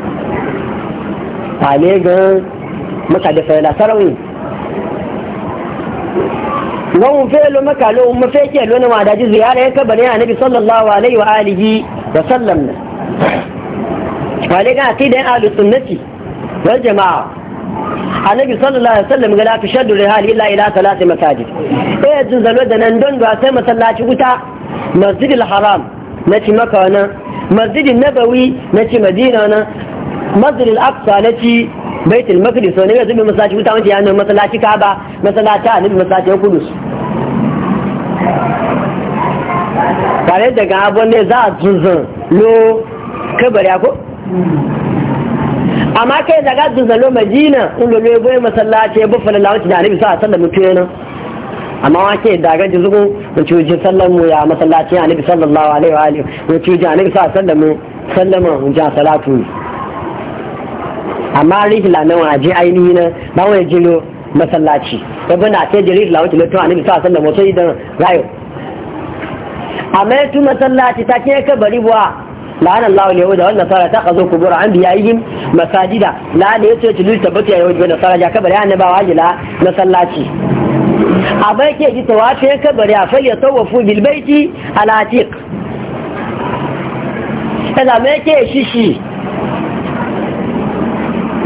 amfani ga maka da fayla sarawi wawun felo maka lo mu feke lo na madaji ziyara yanka bane annabi sallallahu alaihi wa alihi wa sallam na wale ga aqidan ahlus sunnati wal jamaa a annabi sallallahu alaihi wa wasallam ga la tashaddu rihal illa ila salati masajid eh jin zalo da nan don da sai masallaci guta masjidil haram na ci maka wannan masjidin nabawi na ci madina wannan masjidil aqsa na ci baitul maqdis wani ya zubi masallaci mutane ya nan masallaci kaba masallaci a nan masallaci kudus tare daga abun ne za a zunzun lo kabari ya ko amma kai da ga zunzun lo madina in lo lo boye masallaci ya bufala lawanci da annabi sallallahu alaihi wasallam kenan amma wake ga jizugu mu cuji sallan mu ya masallaci annabi sallallahu alaihi wa alihi mu cuji annabi sallallahu alaihi wasallam sallama mu ja salatu amma rihla nan waje ainihi na ba wani jino masallaci yabo na sai da rihla wata lokacin annabi sa sallan wasu idan rayo amma ya tuna masallaci ta ke kabari buwa la'ana Allah ne wanda wannan sara ta kazo kubura an biya yi masajida la'ana ya ce tilu tabbata ya wajen sara ja kabari annabawa ajila masallaci amma yake ji tawafi ya kabari a fayya tawafu bil baiti al atiq kada me yake shishi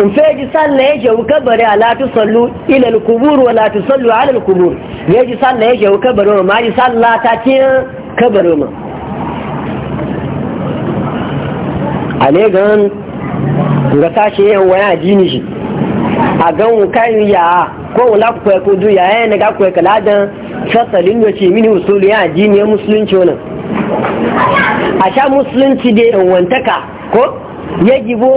in sai ji sallah ya shehu kabari ala tu sallu ila al-kubur wa la tu sallu ala al-kubur ya ji sallah ya shehu kabari ma ji sallah ta ce kabari ma ale gan ga ce yan waya jini shi a gan kan ya ko wala ku ko du ya yan ga ku kala dan fasalin yo ce mini usuli ya jini musulunci wannan a sha musulunci da wantaka ko bo.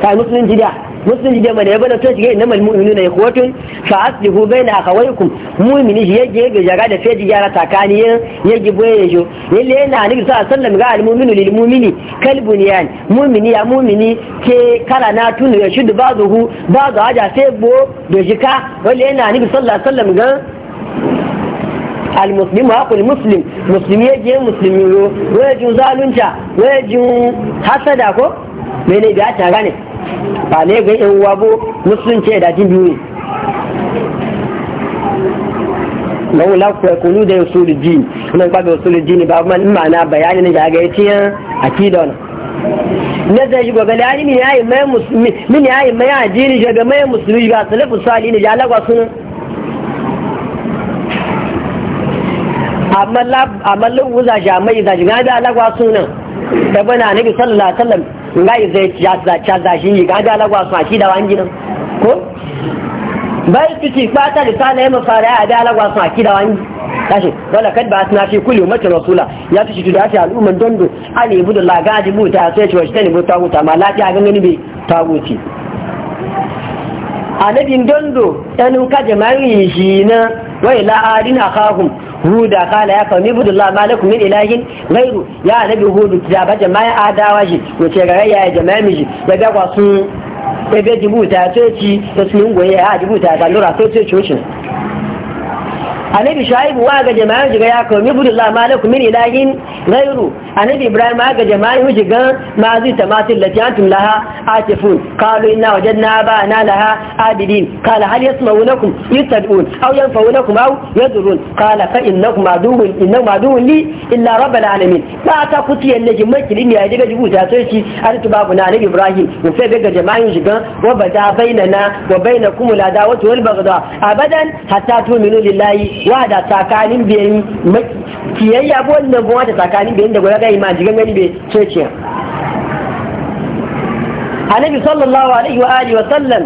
ta musulunci da musulunci da mai da ya bada to shiga inna mal mu'minu na ikhwatun fa aslihu baina akhawaykum mu'mini shi yaje ga jaga da feji yara takani ya yaji boye jo yalle yana ni sa sallam ga almu'minu lil mu'mini kalbun yan mu'mini ya mu'mini ke kala na tunu ya shudu bazuhu bazu aja sai bo da jika yalle yana ni sallallahu alaihi ga المسلم حق المسلم مسلم يجي مسلم يجي زالونجا ويجي حسدا كو mene da ta gane ba ne ga yan uwa bo musulunci da jin biyu na wula kuwa kunu da usul din kuma ba da usul din ba kuma ma'ana bayani na da ga yace a kidon ne zai shi ga lani min yayi mai musulmi min yayi mai ajiri ga mai musulmi ga salafu salihin da jalagwa sunan amma lab amma lawu za ja mai za ga da alagwa sunan da bana nabi sallallahu alaihi wasallam ngai zai ciyaza ciyaza shi yi ga ga lagwa su aki da wani gidan ko bai ciki fata da sala yamma fara ya ga lagwa su aki da wani tashi wala kad ba asna fi kulli ummati rasula ya fi shi da ta al'umman dondo ali ibn Allah ga ji buta sai ci washi tani buta buta ma lafiya gangan be taguci anabin dondo ɗanin ka jama'in shi na wai la'adin akahum huda kala ya kauni budullah malakum min ilahin gairu ya annabi hudu da ba jama'a adawa shi ko ce ga ya jama'a miji ya ga kwasu ebe jibuta ce ci da sun goye ya jibuta ga lura so ce cocin annabi shaibu wa ga jama'a shiga ya kawo mi da ma min ilahin ghayru annabi ibrahim wa ga jama'a shiga ma zai tamatil lati antum laha atifun qalu inna wajadna ba na laha abidin qala hal yasma'unakum yastad'un aw yanfa'unakum aw yadurun qala fa innakum aduwwun inna aduwwun li illa rabbil alamin ba ta kuti yanne ji maki limi ya daga jibuta sai ci artu babu na annabi ibrahim mu sai ga jama'a shiga wa bada bainana wa bainakum la da'watu wal baghda abadan hatta tu'minu lillahi wa da tsakanin biyan kiyayya ko wanda kuma da tsakanin biyan da gwada ga iman jigan gani bai ceciya annabi sallallahu alaihi wa alihi wa sallam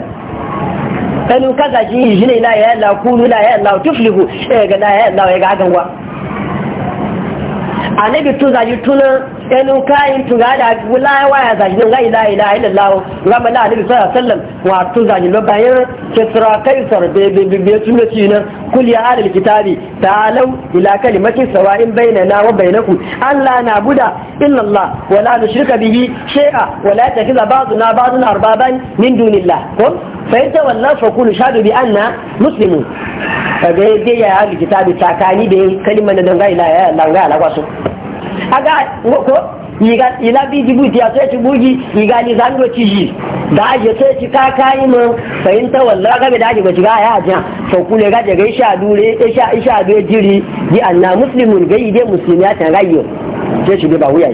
kanu kaza shi shi ne la ya la kunu la ya la tuflihu eh ga la ya la ga gangwa annabi to zaji tunan ẹnu káyìn tún rádà láwá àzàjì náà láì zàjì bayan kẹsìrọ̀ kẹsìr bẹ̀bẹ̀ tún lọ́sí iná wọ́n allah na buda illallah wala nu shirka bihi shay'a wala takiza ba'du na ba'du arbaban min dunillah ko fa yanta wallahu shahadu bi anna muslimun kaga dai ya ahli takani da kalimar da aga ko iga ila bi jibuti ya sai bugi iga ni zan go ji da je sai ci ka kai mu ta walla ga da je ba ga ya ajan to le ga je ga isha dure isha isha dure jiri ji anna muslimun ga ide muslimiya ta rayo sai shi ba wuya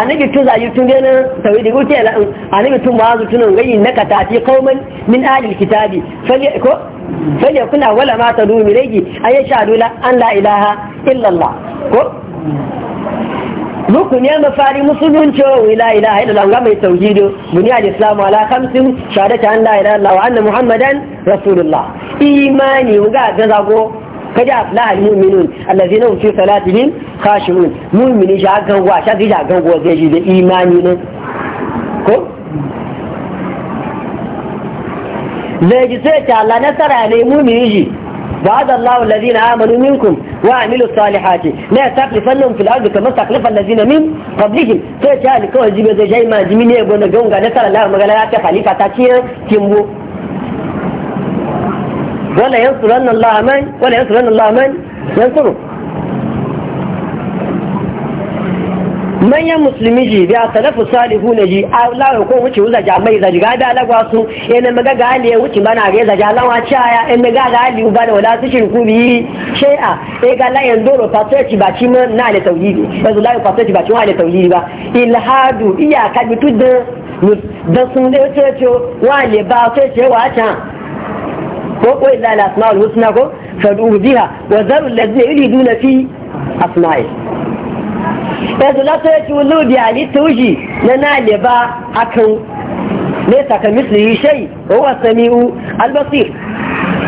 annabi tun zayi tun gane tawhidi da ke la'an annabi tun ba zu tunan gayi na katati kauman min ahli kitabi fali ko fali kuna wala ma tadu mi regi ayi shadu la an la ilaha illallah ko rukun ya mafari musulunci wa oh, ila ilaha illallah ga mai tauhidu buniya da islamu ala khamsin shaɗa an la ilaha illallah wa anna muhammadan rasulullah imani ga gaza go kaja aflahal mu'minun allazina hum fi salatihim khashi'un mu'mini ja gangwa sha ga gangwa zai ji da imani ne ko zai ji sai ta la nasara ne mu'mini ji وعد الله الذين آمنوا منكم وعملوا الصالحات لا تقلفنهم في الأرض كما تقلف الذين من قبلهم فيتها لكوه جيب زي جاي ما جميني يقولون جونغا نسأل الله مغلالات خليفة تاتيا تيمو ولا ينصرن الله من ولا ينصرن الله من ينصره manyan musulmi ji biya salafu salihu ne ji a lawa ko wuce wuza ja mai zaji gada lagwa su ene maga ga ya wuce bana ga zaji alawa aya ene ga ga ali uba da wala su shirku bi shay'a e ga la yan doro fatati ba ci na ne ba yanzu la fatati ba ci wa ne tauhidi ba ilhadu iya ka bitu da da sun da yace ce wa le ba sai ce wa can ko ko illa al asmaul husna ko fadu biha wa zaru allazina yuliduna fi asma'i yanzu na sai ki wulu da ali tuji na na le ba akan ne saka misli shay huwa samiu albasir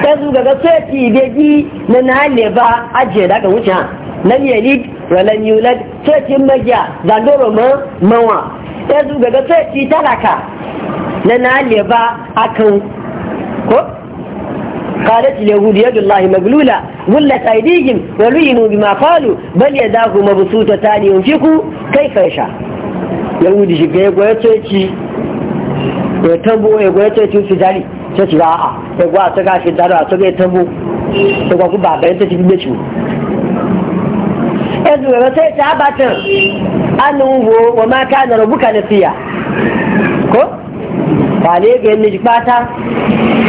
yanzu ga sai ki beji na na le ba aje daga wuce lam yalid wa lam yulad sai ki magiya zandoro ma mawa yanzu ga sai ki talaka na na le ba akan قالت اليهود يد الله مغلولة غلت أيديهم ولينوا بما قالوا بل يداه تاني ينفقوا كيف يشاء يهود شكا يقول شكاية ويتشي ويتنبو ويتشي في ذلك تشي راعة يقوى أتقع في الدار أتقع يتنبو ذلك كبع بين تشي بيشو إذن ويتشي تعبتن أنه وما كان ربك نسيا كو ba ne ga yin niji bata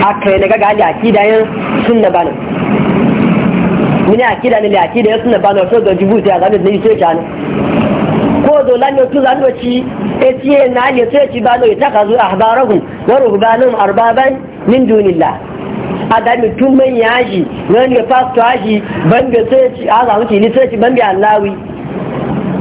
a kai na gaga da akida yin sun da bana mini ne da yin sun da bana so ga jibuti a da yi soja ne ko ci na ya soci wa arbaban min adami tun man yaji wani ya fasto aji ban da soci a zamuci ni soci ban da allawi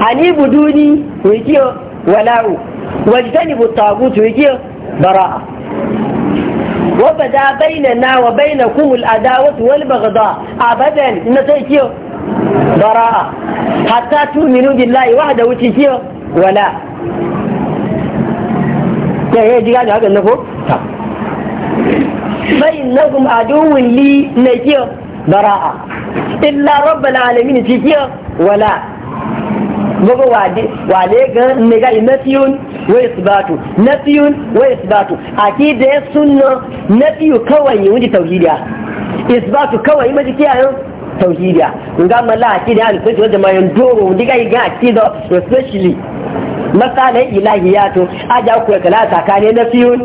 ani buduni wikiyo wala'u wajtani bu tagutu wikiyo bara'a وبدا بيننا وبينكم العداوة والبغضاء أبدا إن سيكيو براءة حتى تؤمنوا بالله وحده وتكيو ولا يا يا جيجا هذا نفو فإنكم عدو لي نكيو براءة إلا رب العالمين تكيو ولا gogo wade wale ga ne ga nafiyun wa isbatu nafiyun wa isbatu akide sunna nafiyu kawai wani tauhidiya isbatu kawai maji kiyayen tauhidiya ga mala akide an sai wajen jama'an dogo diga ga akido especially masala ilahiyatu aja ku kala tsakanin nafiyun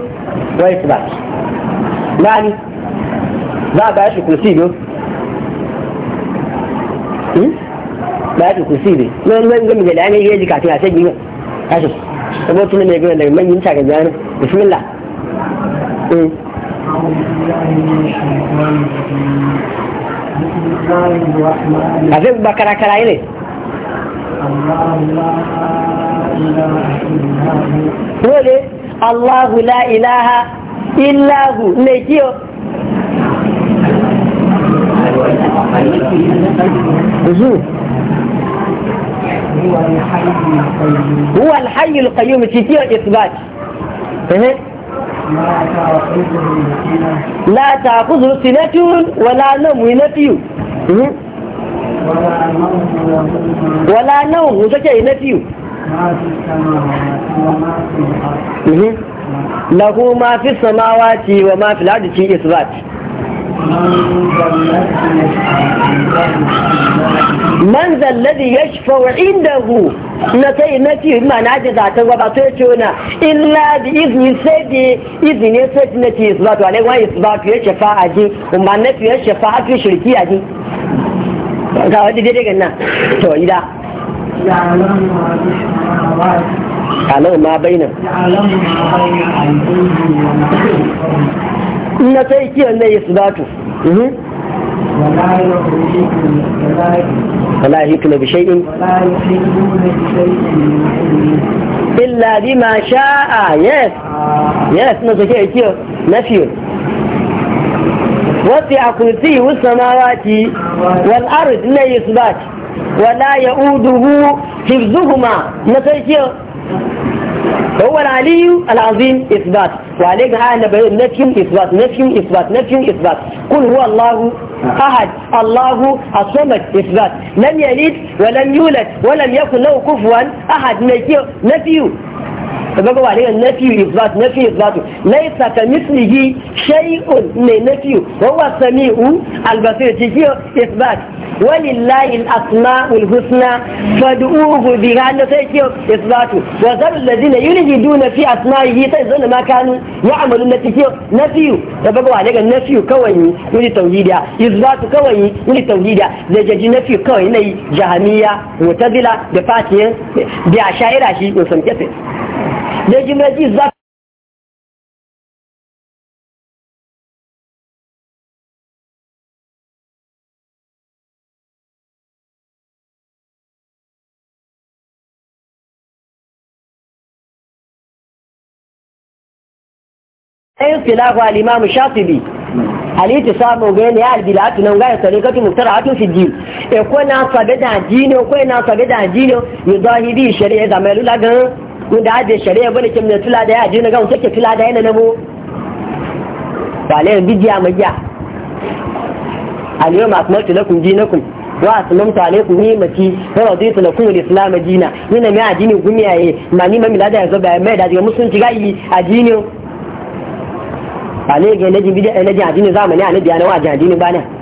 wa isbatu nani za ga shi kursi ne bayatu kursi ne nan nan ga mijin da ne yaji kafin a sai gina kashi sabo tun ne ga daga manyan ta ga bismillah eh. ba kara kara ne Allahu la ilaha illahu ne kiyo Zuhu هو الحي القيوم هو الحي القيوم إثبات لا تأخذه سنة ولا نوم ينفي ولا نوم وجه ينفي له ما في السماوات وما في الأرض في إثبات man zalladi ya shafa indahu na sai na ci ma na ji zata ba to ya ce wani illa bi izini sai da izini sai na ci isbatu alai wani isbatu ya shafa a ji umma na fi ya a fi shirki a ji ga daidai to ida ma na sai kiyan ne ya sudatu ولا يحيطون بشيء إلا بما شاء يس يس نسكي كيو نفي وسع كرسيه السماوات والأرض لا يثبت ولا يؤوده حفظهما نسكي فهو العلي العظيم إثبات وعليك هذا نفي إثبات نفي إثبات نفي إثبات قل هو الله أحد الله الصمد إثبات لم يلد ولم يولد ولم يكن له كفوا أحد نفي kaga ga wani nafi izat nafi izat lai saka mislihi shay'un ne nafi wa huwa sami'u albasir ti fi izat walillahi al-asma'ul husna fad'uhu bi ghanna sai ki izat wa zal ladina yulhiduna fi asma'ihi sai zan ma kanu ya'malu nafi fi nafi kaga ga wani nafi kawai yuri tauhidiya izat kawai yuri tauhidiya da jaji nafi kawai nai jahamiya mutazila da fatiyan da shaira shi sun kete ya ji meji za ɗayan filafu al'imamu shafibi aliti samu ga ya albila nan gaya tsare katu mutara hatu fi diyu e na da jini na da jini yi zahiri shari'a ga mai lula gan wanda da shari'a bane kim ne tula da ya ajiye na ga wuce tula da yana nabo ba layin bidiya magiya al kun ji na kun. wa aslamtu alaykum ni'mati wa raditu lakum al-islam dina yana mai ajini yi ma ni mami lada yanzu ba mai da musu musulunci ga yi ne ba ne ga naji bidiya naji ajini zamani a nabi ana wa ba ne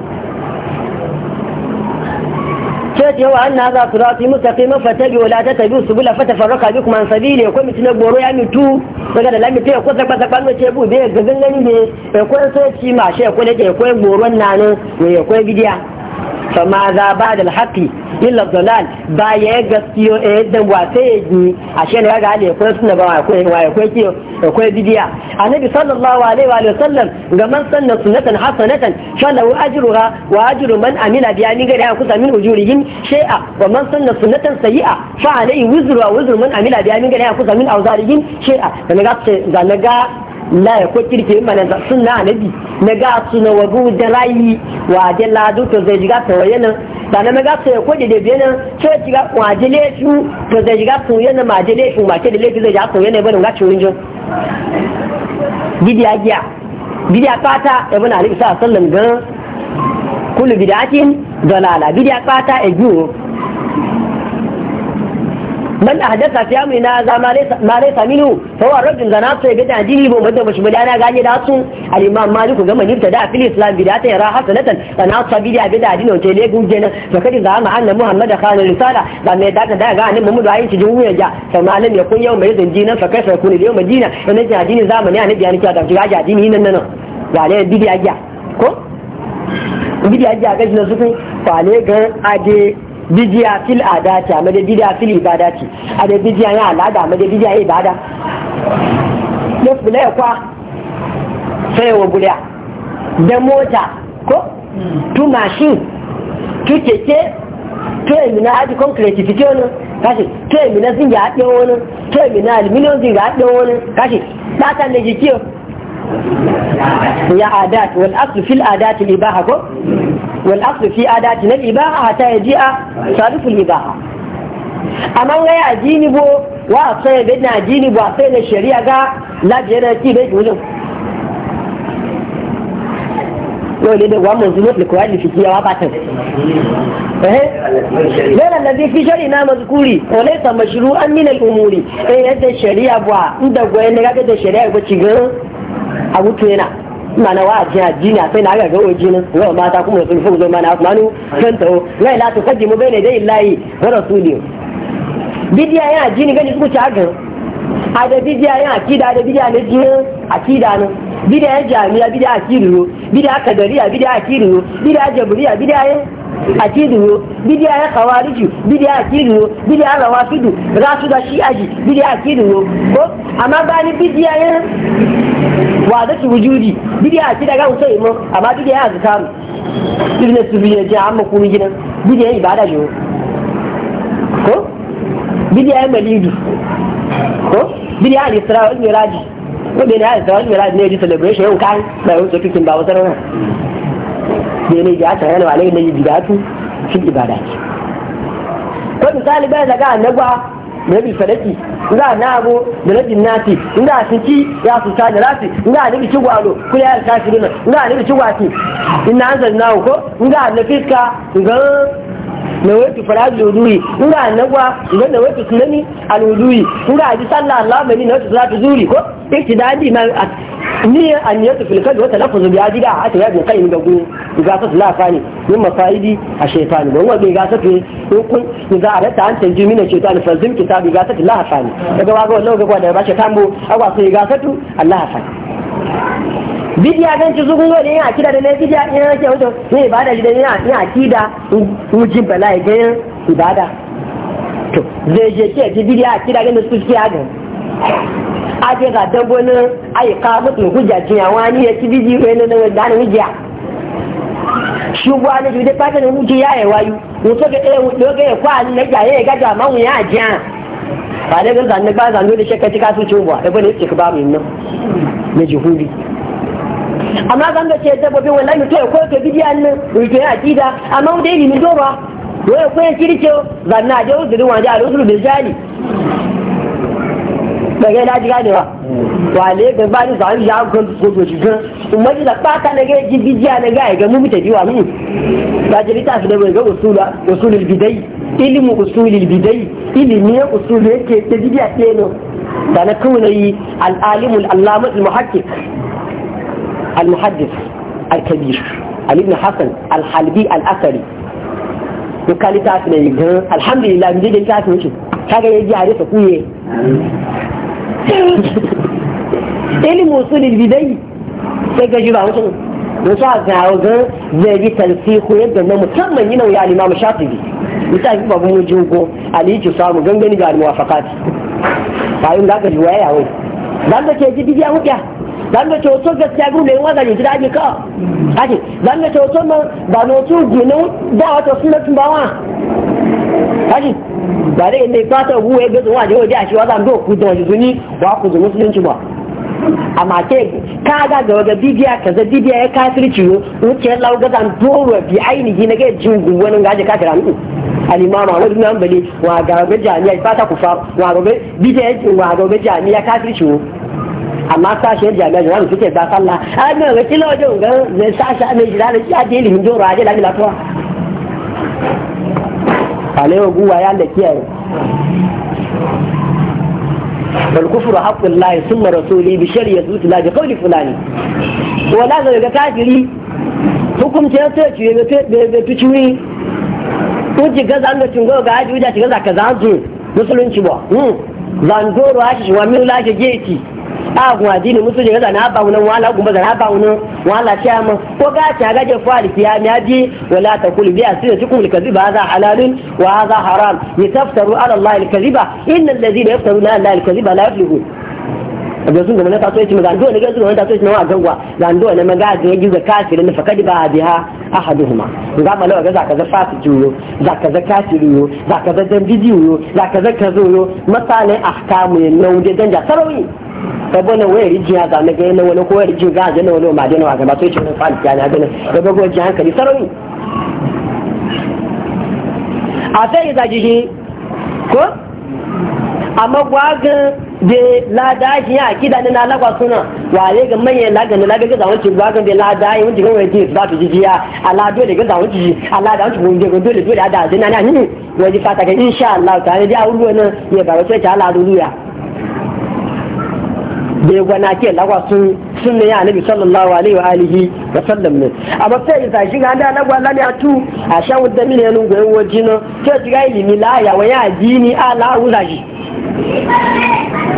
sai yawa an na za su rasu ta fatabi wala tatabi subula fatafarraka bikum an sabili ko na goro ya mitu daga da lamita ko saka saka ne ce bu be ga gangani ne ko sai ci ma she ko ne ko goron nanin ko bidiya fama za ba da alhaƙi illa zonal ba ya yi gaskiyo eh dan wata ya yi a shi ne ga hali akwai suna ba akwai akwai kiyo akwai bidiya a annabi sallallahu alaihi wa sallam ga man sanna sunnatan hasanatan falahu ajruha wa ajru man amina biya ni gari a kusa min ujurihim shay'a wa man sanna sunatan sayi'a fa alaihi wizru wa wizru man amila biha min ghairi kusa min awzarihim shay'a da ga ga la ya ko kirke mana sunna anabi na ga na wagu da rayi wa da ladu to zai jiga to yana da na ga sai ko da biye nan to jiga wa da su to zai jiga to yana ma da su ma ke da lefu zai jiga to yana ba ga ciwon jo bidiya giya bidiya fata ibn ali sallallahu alaihi wasallam ga kullu bid'atin dalala bidiya fata e giyo man ahdatha fi amrina za ma laysa ma laysa minhu fa huwa raddun zana sai ga dadini bo madda bashi budana ganye da su al imam maliku ga man ibtada fil islam bidata yara hasanatan sana sabidi abi dadini to le guje na to kadi za ma anna muhammad khana risala ba mai da da ga annabi muhammad ayin shi juya ja fa malam ya kun yau mai zanji nan fa kaifa kun yau madina wannan jadini zamani annabi ya nika da ga jadini nan nan ga le bidi aja ko bidi aja ga shi na su ko ga ade bidiya fil adati a madai bidiya fil ibadati a da bidiya ya al'ada a madai bidiya ibada ya fula ya kwa sai wa guda da mota ko tu mashin tu keke tu emina aji kon creativity wani kashi tu emina zin ya haɗe wani tu emina almiliyon zin ya haɗe wani kashi ɗatan da jikiyo ya adat wal aslu fil adati ibaha ko wal aslu fi adati na ibaha hatta ya ji'a saliful ibaha amma ga ya jini bo wa sai da na jini bo sai na shari'a ga lajiyar da ki bai gudun yau ne da wannan zuwa da kuwa da fikiya wa batan eh yana da fi shari'a na mazkuri ko ne ta an min al umuri eh yadda shari'a ba inda goyen ne ga da shari'a ba ci ga a mutu yana mana wa jiya jina sai na ga gawo jinin wa mata kuma rasul fuku zai mana asmanu kan tawo la la tuqaddimu bayna yaday illahi wa rasuli bidiya ya jini gani ku ci aga a da bidiya ya akida da bidiya ne jinin akida ne bidiya jami'a bidiya akidu bidiya kadariya bidiya akidu bidiya jabriya bidiya akidu bidiya ya kawariju bidiya akidu bidiya rawafidu za rasu da shi shi'aji bidiya akidu ko amma bani bidiya ya wa da su wujudi bidiya ki daga usai imam amma bidiya ya zakaru ibn sufi ne ji amma kuma gidan bidiya ibada ne ko bidiya ya malidu ko bidiya al-isra wal miraj ko bidiya al-isra wal miraj ne di celebration yau kai ba yau tsokin ba wasarar da ne ya tare da alai ne bidatu fil ibadati ko misali bai daga annaba nabi fadaki inda na abu da nabi nati inda a ciki ya su ta da rafi inda a nabi cigwa alo kula ya kafi duna inda a nabi cigwa gwati inda an zanna ko inda a nafiska ga na wetu farazi wuduyi nga nagwa nga na wetu sunani alwuduyi nga aji sallah Allah mai na wetu salatu zuri ko iktidadi ma ni an yatu fil kalbi wa talaffuzu bi ajida hatta ya bin qayyim da gurin ga sa lafa ne min mafaidi a shaytani don wani ga sa fe kun ga arata an tanji mina shaytani fa zim kitabi ga sa lafa ne daga wago lawa ga da ba shaytan bo agwa sai ga sa tu Allah fa bidiya dan ci zugun gode yin akida da ne bidiya yin ake wato yin ibada shi da yin akida wujin bala'i ya yin ibada to zai je ce ji bidiya akida ga su suke hagan ake ga dangwani ayi ka mutum hujja jiya wani ya ci bidiyo yana na wanda ana hujja shi gwa na jude fata na hujji ya yi wayu wato ga ɗaya wuɗo ga ya kwa na jaye ya gaja mawuya jiya ba dai zan zanne ba zanne da shakka ci kasu cin buwa ibn istikbaru nan na jihudi amma zan da ce dabbobin wallahi to ko ke bidiya nan rufe kida amma dai ni mun doba wai ko ya kirce zanna da uzurin waje al-usul bil jali da ga da laji ba wale ga ba ni zan ya ga ko do jiga kuma ji da pata ne ga ji bijiya ne ga ga mu mutaji wa mu ba ji ta su da ga usula usulul bidai ilmu usulul bidai ilmi usul yake ta bijiya ce no da na kauna yi al-alimul allama al-muhakkik al-muhaddis al-kabir ali ibn hasan al-halbi al-asari ko kalita ne ga alhamdulillah mu je da ta su ne kaga yaji a rasa kuye ilimin usulul bidai sai gaji ba wasu wasu a zaga zai bi talfiku yadda na musamman yi nauyi alimamu shafi'i misali babu mu jingo aliki samu gangani ga almuwafaqati bayan da ka riwaya yawai dan da ke ji bidiya mutiya dan da to gaskiya gume in wazaje ji daji ka ake dan da to ma ba no to gino da wato sunatun bawa ake ba da inda ba ta buwa ya gaza waje waje a shi wazan do ku da zuni ba ku da musulunci ba amma ke ka ga ga waga bibiya kaza bibiya ya kafirci yo wuce lau gazan doro bi ainihi na ga jin guwanin gaje kafira mu alimamu a wajen nan bale wa ga waga jami'a fata ku fa wa ga bibiya wa ga waga jami'a kafirci yo amma sashen jami'a jami'a suke ba sallah a ga ga kila wajen ga sashen ne jira da ya je limin doro a lafiya alaiwa guwa ya Allah kiyaye bal fulani zai ga kafiri hukumce ya ce ciye fi ciwi gaza an ga cingo ga gaza ka zanzu musulunci ba zanzu ruwa shi wa mil lashe geti a gun addini musulunci ga zana ba wunan wala kuma ba zana ba wunan wala ta ma ko ga ta ga je fali ya mi abi wala ta kul bi asira tukum al kadhiba hadha halalun wa hadha haram yataftaru ala allah al kadhiba inna alladhina yaftaruna ala allah al kadhiba la yuflihun ga sun gama na kasuwanci ma zando ne ga sun gama na kasuwanci gangwa zando ne ma ga ga yaji za na fakadi ba biha ahaduhuma ga malawa ga zaka za fasiki zaka za kafiri yo zaka za dan bidiyo yo zaka za kazo yo masale ahkamu ne na wuje danja sarawi kabo na za na ga na wani ko wayar ga na wani ma dena wa ga ba ya na ga ji hankali sarawi a sai da jihi ko amma de lada shi ya kida na lagwa suna wale ga manye laga na laga gaza wancin gwagan da lada yi wancin gawai ji ba tu jijiya ala dole gaza wancin ji ala da wancin ga dole dole ada zina na hin waje fata ga insha Allah ta ne ne ya ba wace ta ala duniya gwana ke lagwa sun sunne ya annabi sallallahu alaihi wa alihi wasallam ne amma sai isa shi ga da gwa lami atu a shan wadda mini yanu ga yawo jina sai ji ga ilimi la ya wa ya jini ala uza shi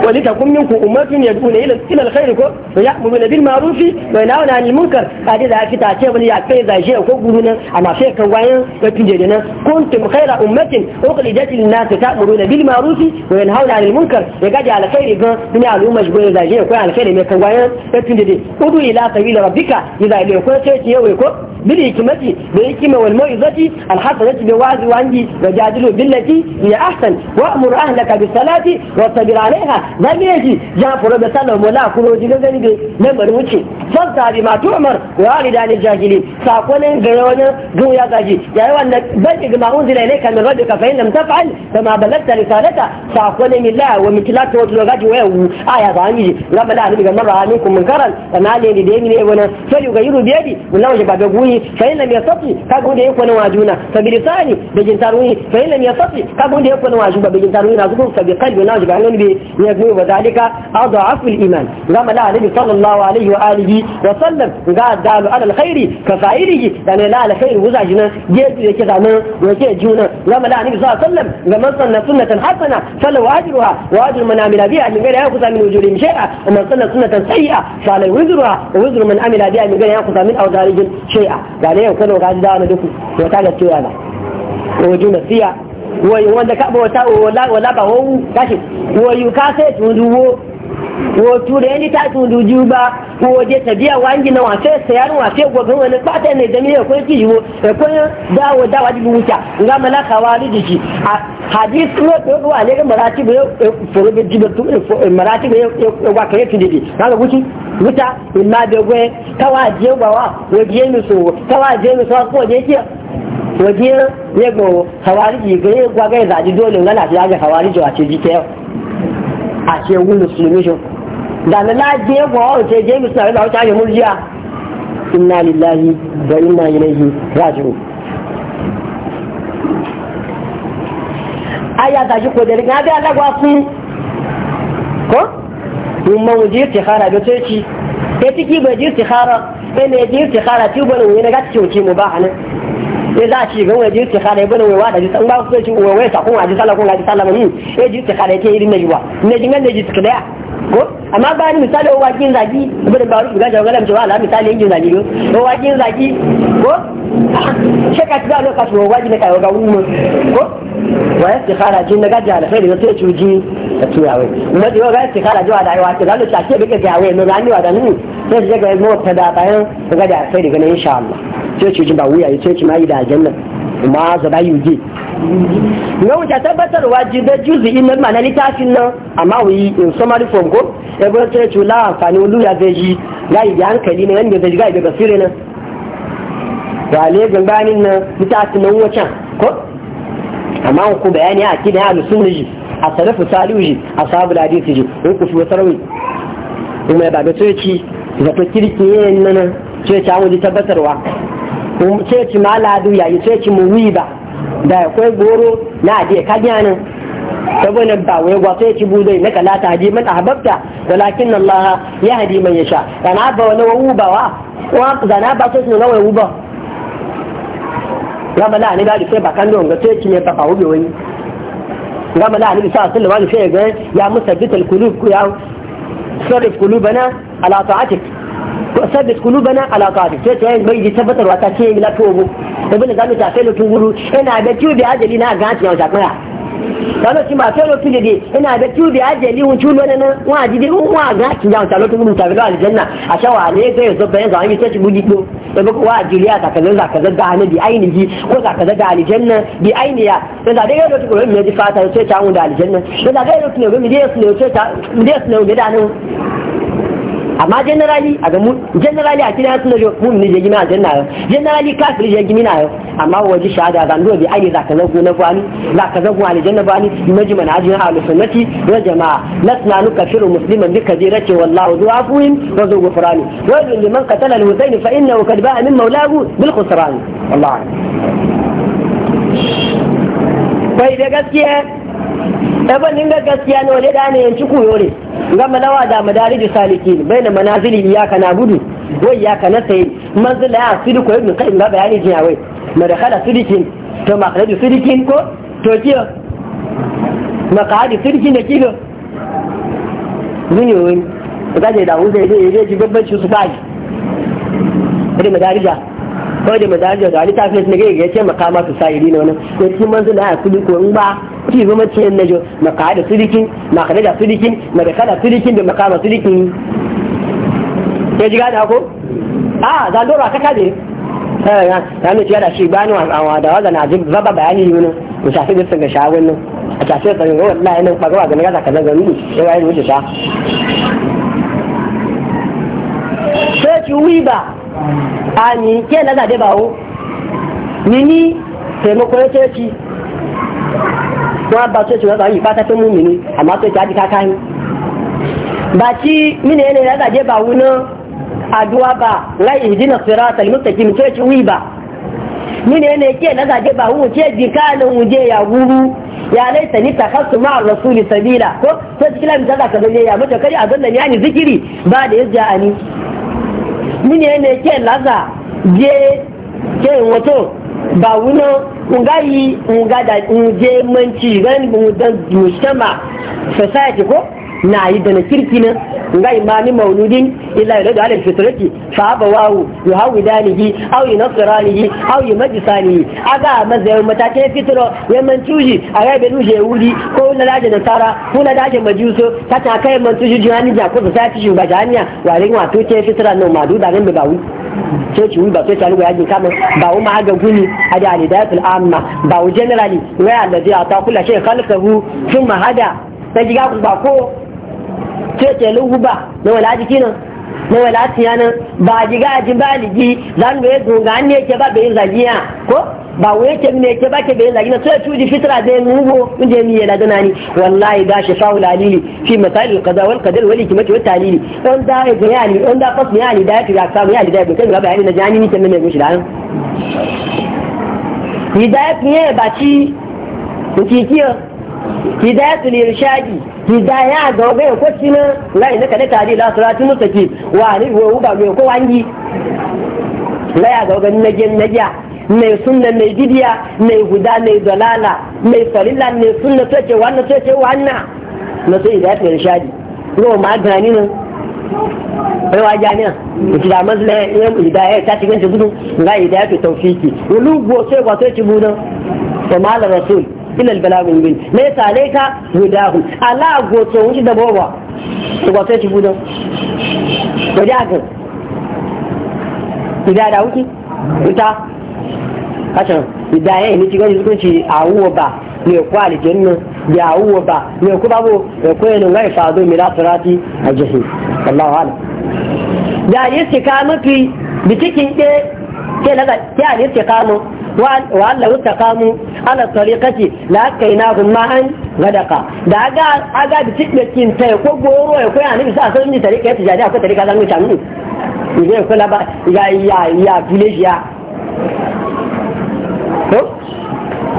wani ta kun minku ummatun ya duna ila ila alkhairi ko wa ya'muru bil ma'rufi wa yanhauna 'anil munkar kadi da fita ce bani ya kai za shi ko guru nan amma sai kan wayan da tije da nan kuntum khaira ummatin ukhrijat lin nas ta'muruna bil ma'rufi wa yanhauna 'anil munkar ya gaji alkhairi ga dunya al'umma shi ko za shi ko alkhairi mai kan wayan da tije da udu ila sabila rabbika idza ya ne ko sai ki yawai ko bil hikimati da hikima wal mawizati al hasanati bi wa'zi wa andi wa jadilu bil lati hiya ahsan wa amur ahlaka bis salati wa sabir alaiha da ne ji ya furo da sallah mu la kuro ji gangan ge nan bari muce san tabi ma tumar wa alidani jahili sakonin ga yawan gun ya gaji yayi wannan bai ga ma'un zila ne kan rabbi ka fa'in lam taf'al fa ma balagta risalata sakonin la wa mitlatu wa tulo gaji wa yawu aya ga ni rabbi la ni ga marra minkum munkaran fa na ne ni de ni ne wannan sai ga yuru biyadi wallahi ba ga guyi tarwi fa in lam yastati ka gode yako na wajuna fa bi lisani da jin tarwi fa in lam yastati ka gode yako na wajuna bi jin tarwi na zuku fa bi qalbi na jiba hanan bi ya gumi wa dalika adhafu al iman gama la nabi sallallahu alaihi wa alihi wa sallam ga dalu ala al khairi ka fa'ilihi dan la al khairi wuza jina je yake zaman yake juna gama la nabi sallallahu alaihi wa sallam gama sanna sunnatan hasana falahu ajruha wa ajru man amila biha min ghairi yakusa min ujurihim shay'a ومن سن سنة سيئة فعليه وزرها ووزر من عمل بها من غير يأخذ من أوزارهم شيئا ga ne yankano ga ji dawa na duku to ta ga cewa na ko ji na siya wanda ka bauta wala wala ba hu kashi wai ka sai tun duwo wo tura yanzu ta tun duju ba wo je tabiya wangi na wafe sayar wafe gobe wani fata ne e da miya kwai kijiwo da kwai dawo dawa jibi wuta nga malaka wa rijiki hadis ne ko do ale ga marati be e, foro be jibe tu e, marati be wa kare tu didi kaga wuci wuta illa be gwe kawa je wa wo je mi so kawa je mi so ko je ki waje ne hawari ji ga gwa ga zaji dole ngana hawari ji a ce wu musulmi shi da na laje ko o ce je musulmi da wata ya murjiya inna lillahi wa inna ilaihi raji'un aya da shi ko da ga ga lagwa su ko mun mawuji istikhara da sai ci tiki bai ji istikhara ne ji istikhara ci wani ga ci mu ba hanan ya za a ci gan waje ta kare bane wai wada ji san ba su ci wai wai sakon waje sallah ko waje sallah mun ya ji ta kare ke irin najiwa ne jin gan da ji daya ko amma ba ni misali wa kin zaki bada ba rubu gaja galam cewa ala misali yin zaki ko wa kin zaki ko shaka ta lokaci wa waje ne kai ga umu ko wa istikhara jin daga jala sai da sai cuji ta wai amma da ga istikhara jawa da aiwa ta zalo ta ke bika jawe no ga ni wa da ni sai ga mu ta da bayan ga da sai daga insha Allah sai ci ba wuya ya ce ma yi da aljanna ma za ba yi ji na wuce tabbatarwa ji da juzi in nan na littafin nan amma wuyi in summary form ko ya bar sai ci la amfani wani ya zai ji ga da hankali ne yadda zai ji ga yi daga sire nan ga legan bayanin nan littafin nan wacan ko amma ku bayani a kidan alusun ji a salafu salihu ji a sabu ladisi ji ku fi wata rauni kuma ya ba da tsoci zato kirki yayin nan ce ta wani tabbatarwa ceci ma ladu yayi sai ci mu wiba da akwai goro na aje kajanin saboda ba wai gwa sai ci budai na kala ta ji man ahbabta walakin Allah ya hadi man yasha kana ba wani ba wa wa zana ba sai na wai ba ya bala ni da sai ba kan don ga sai ci ne papa wube wani gama la annabi sallallahu alaihi wasallam sai ga ya musabbitul al-qulub ya sarif qulubana ala ta'atik sabbit bana ala qadi sai to yayin bai tabbatarwa ta ce mi lafiya mu ibn zamu ta sai lutun guru ina da kiwo da ajali na ga ta ta kaya kana ci ma sai lutun bi ina da kiwo da ajali hun chulo na wa ji de hun wa ga ta ta lutun guru ta ga aljanna a shawa ne ga yazo bayan ta ci ko da ba wa ajiliya ta kallon za ka da hana bi ko za ka zaga aljanna bi ainiya sai da ga lutun guru ne ji da aljanna sai da ga ne ji da amma generally a ga mu generally a kidan suna mu ne je gina janna generally kafiri je gina yo amma waje shahada zan do bi ai za ka zago na bani za ka zago ali janna bani maji manhajin ahlus sunnati wa jamaa nu kafiru musliman bi kadirati wallahu dhu afwin wa dhu ghufrani wa liman qatala al-husayn fa innahu qad ba'a min mawlahu bil khusran wallahi kai da gaskiya ɗaban ninga gaskiya ne wale ɗane yanci kuyo ne ga malawa da ne salikin da manazili ka na gudu ya ka na sayi manzila ya sidiku ibn qayyim ga bayani mada madakhala sidikin to makhraju sidikin ko to kiyo makadi sidikin da kiyo yi wani ga je da hunde zai yi zai babban su baji da madarija ko da madarija da wani tafi ne ga ya ce makama su sayiri ne wani ko cikin manzila ya sidiku in ba ki zama ce na jo makada sudikin makada sudikin makada sudikin da kada sulikin da makama sudikin ya ji gada ko a za dora ta kaje eh, ya ne da shi bani wa da na jin zaba bayani yi wani mu shafi da sun ga shagon nan a tafiya tsarin ga wallahi nan bagawa ga naga ka ga ni sai wai wuce sha sai ki wiba ani ke na da bawo ni ni sai mu koyo ce wọ́n bá tó ṣùgbọ́n báyìí bá tó mú mi ní àmá tó ṣáájú káká bá bàtí mínú ẹni rẹ̀ gbàjẹ́ bá wúná àdúrà bá láì ìdínà fẹ́rẹ́ àtàlùmọ́tàkì mi tó ṣe wí bá. mínà yẹn ẹ̀ bá tí jẹ́ ya ni ya zikiri ba da yajja ani mine laza je ba wuna nga yi nga da nje ran mu dan dusama society ko na yi da na kirki ne ga imami mauludin ila ya da alif fitrati fa abawahu yuhawidanihi aw yunasiranihi aw yumajisanihi aga mazayar matakai fitro ya mantuji a ga benu wuri ko na laje da tara ko na daje majuso ta ta kai mantuji jani ja ko ta ci wa jahaniya wa wato ke fitra no madu da ne ba wu ce ci ba ce tare yajin kama ba wu ma ga guni a da alidatul amma ba wu generally wa alladhi ata kullu shay khalqahu thumma hada sai jiga ku ba ko keke ba na wala jiki nan na wala tiya nan ba jiga ajin ba aliji zan ga yadda ga ne ke ba bai zagi ya ko ba wai ke ne ke ba ke bai zagi na sai tuji fitra da nugo mu mi na dana ni wallahi da shi faul alili fi masail alqada wal qadar wal hikmati wat talili on da ga yani on da fas yani da ya ta yani da bai ga bayani na jani ni kenan mai gushi da nan hidayat ne ba ci kiyo hidayatul irshadi hidaya ga ga ko cinan la ina kada tare la suratul mustaqim wa ni wo me ko wangi la ya ga ga na gen naja mai sunna mai bidiya mai huda mai dalala mai falilla mai sunna to ce wannan to ce wannan na sai hidayatul irshadi ro ma gani nan bai wa jani nan hidaya ta cikin gudu ga hidayatul tawfiki rasul ilal balagul mubin laysa alayka hudahum ala goto wuce da boba to goto ci budan to da ga ida da wuki ita kace ida yayi ni cikin zukunci awuwa ba ne kwali jinnu ya awuwa ba ne ku babo ko yana ngai fado mila surati ajahi wallahu alam da yake kama fi bitikin ke ke laga ya yake kama wa'alla wuta kamu ala tsarikaci la aka yi nagun ma'an gadaka da aga da cikin ta ya ko goro ya koya nufi sa sun ji tarika ya tijani akwai tarika zan wuce nuni idan ya ba ya ya ya village ya ko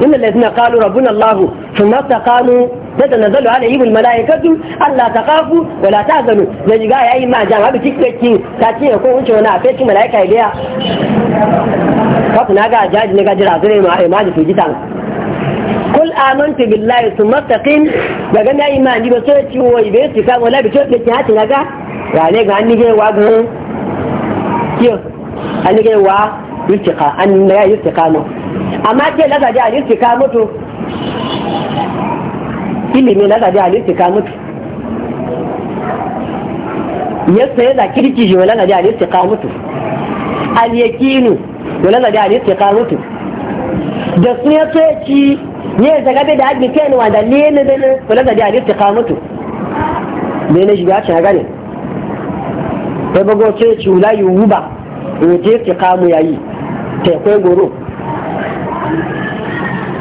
إن الذين قالوا ربنا الله ثم استقاموا تتنزل عليهم الملائكة ألا تخافوا ولا تحزنوا زي قال أي ما جامعة بتكتكي تاتي يكون وجه هنا فيك ملائكة إليها فقنا قال جاج نقا جرازين ما جت وجدان قل آمنت بالله ثم استقيم بقى ما إيمان دي بسوتي ويبيتي كام ولا بتوتي تاتي نقا يعني قال نجي واقهم كيو أنا جاي واقهم yustika an ya yustika no amma ke laza da yustika mutu ilimi laza da yustika mutu yasta ya da kirki shi wala da yustika mutu al yakinu wala da yustika mutu da su ya ce ci ne zaga bai da hajji kai wa da lene da wala da yustika mutu ne ne shi ga shi gane sai bago ce ci wula yuba ne ce yustika mu yayi tekwai goro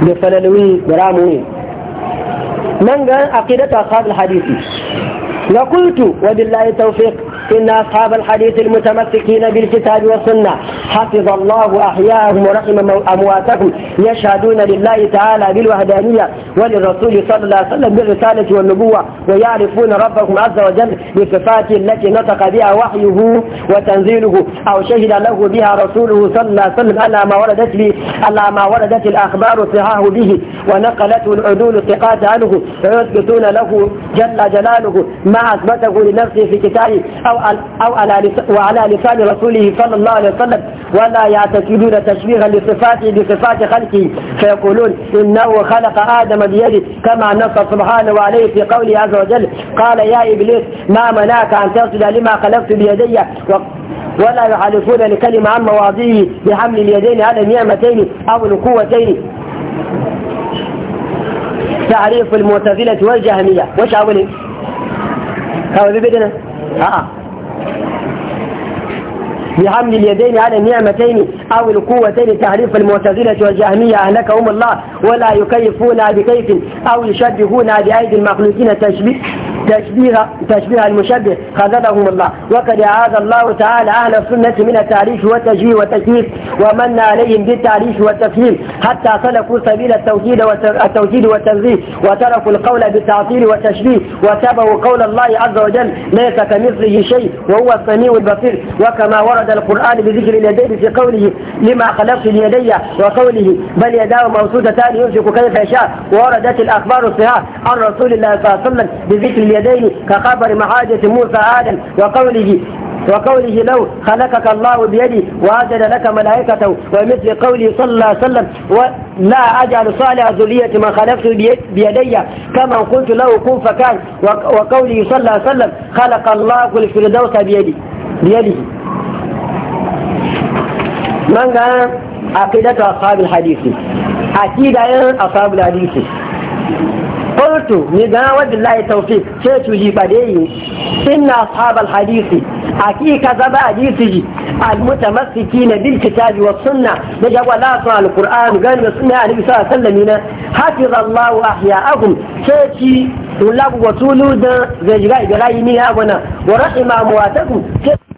da falalwi da ramuwe nan ga aqidatu ashabul hadisi na kultu wa billahi tawfiq إن أصحاب الحديث المتمسكين بالكتاب والسنة حفظ الله أحياءهم ورحم أمواتهم يشهدون لله تعالى بالوهدانية وللرسول صلى الله عليه وسلم بالرسالة والنبوة ويعرفون ربهم عز وجل بصفاته التي نطق بها وحيه وتنزيله أو شهد له بها رسوله صلى الله عليه وسلم على ما وردت به على ما وردت الأخبار صحاه به ونقلته العدول الثقات عنه ويثبتون له جل جلاله ما أثبته لنفسه في كتابه أو, أو على وعلى لسان رسوله صلى الله عليه وسلم ولا يعتقدون تشبيها لصفاته بصفات خلقه فيقولون إنه خلق آدم بيده كما نص سبحانه عليه في قوله عز وجل قال يا إبليس ما منعك أن تصل لما خلقت بيدي ولا يحالفون لكلمة عن مواضيه بحمل اليدين على النعمتين أو القوتين تعريف المعتزلة والجهمية وش عاولي في بدنا اه بحمل اليدين على النعمتين أو القوتين تعريف المعتزلة والجهمية أهلكهم الله ولا يكيفون بكيف أو يشبهون بأيدي المخلوقين تشبيه تشبيه تشبيه المشبه خذلهم الله وقد اعاذ الله تعالى اهل السنه من التعريف والتجهيل والتكييف ومن عليهم بالتعريف والتفهيم حتى سلكوا سبيل التوحيد والتوحيد والتنزيه وتركوا القول بالتعطيل والتشبيه وتابعوا قول الله عز وجل ليس كمثله شيء وهو السميع البصير وكما ورد القران بذكر اليدين في قوله لما خلقت اليدي وقوله بل يداه موسوطتان ينفق كيف يشاء ووردت الاخبار الصحاح عن رسول الله صلى الله عليه وسلم بذكر اليدين كخبر محاجة موسى آدم وقوله وقوله لو خلقك الله بيدي وأجل لك ملائكته ومثل قوله صلى الله عليه وسلم لا أجعل صالح ذرية من خلقت بيدي كما قلت له كن فكان وقوله صلى الله عليه وسلم خلق الله الفردوس بيدي بيده من قال عقيدة أصحاب الحديث عقيدة أصحاب الحديث qultu ni ga wallahi tawfiq sai tu ji badeyi inna ashabal hadisi hakika zaba hadisi المتمسكين بالكتاب والسنة نجا ولا صنع القرآن قال السنة النبي صلى الله عليه وسلم حفظ الله أحياءهم تأتي ولا وطولوا ذا زي جاي جاي مين أبونا ورحم أمواتكم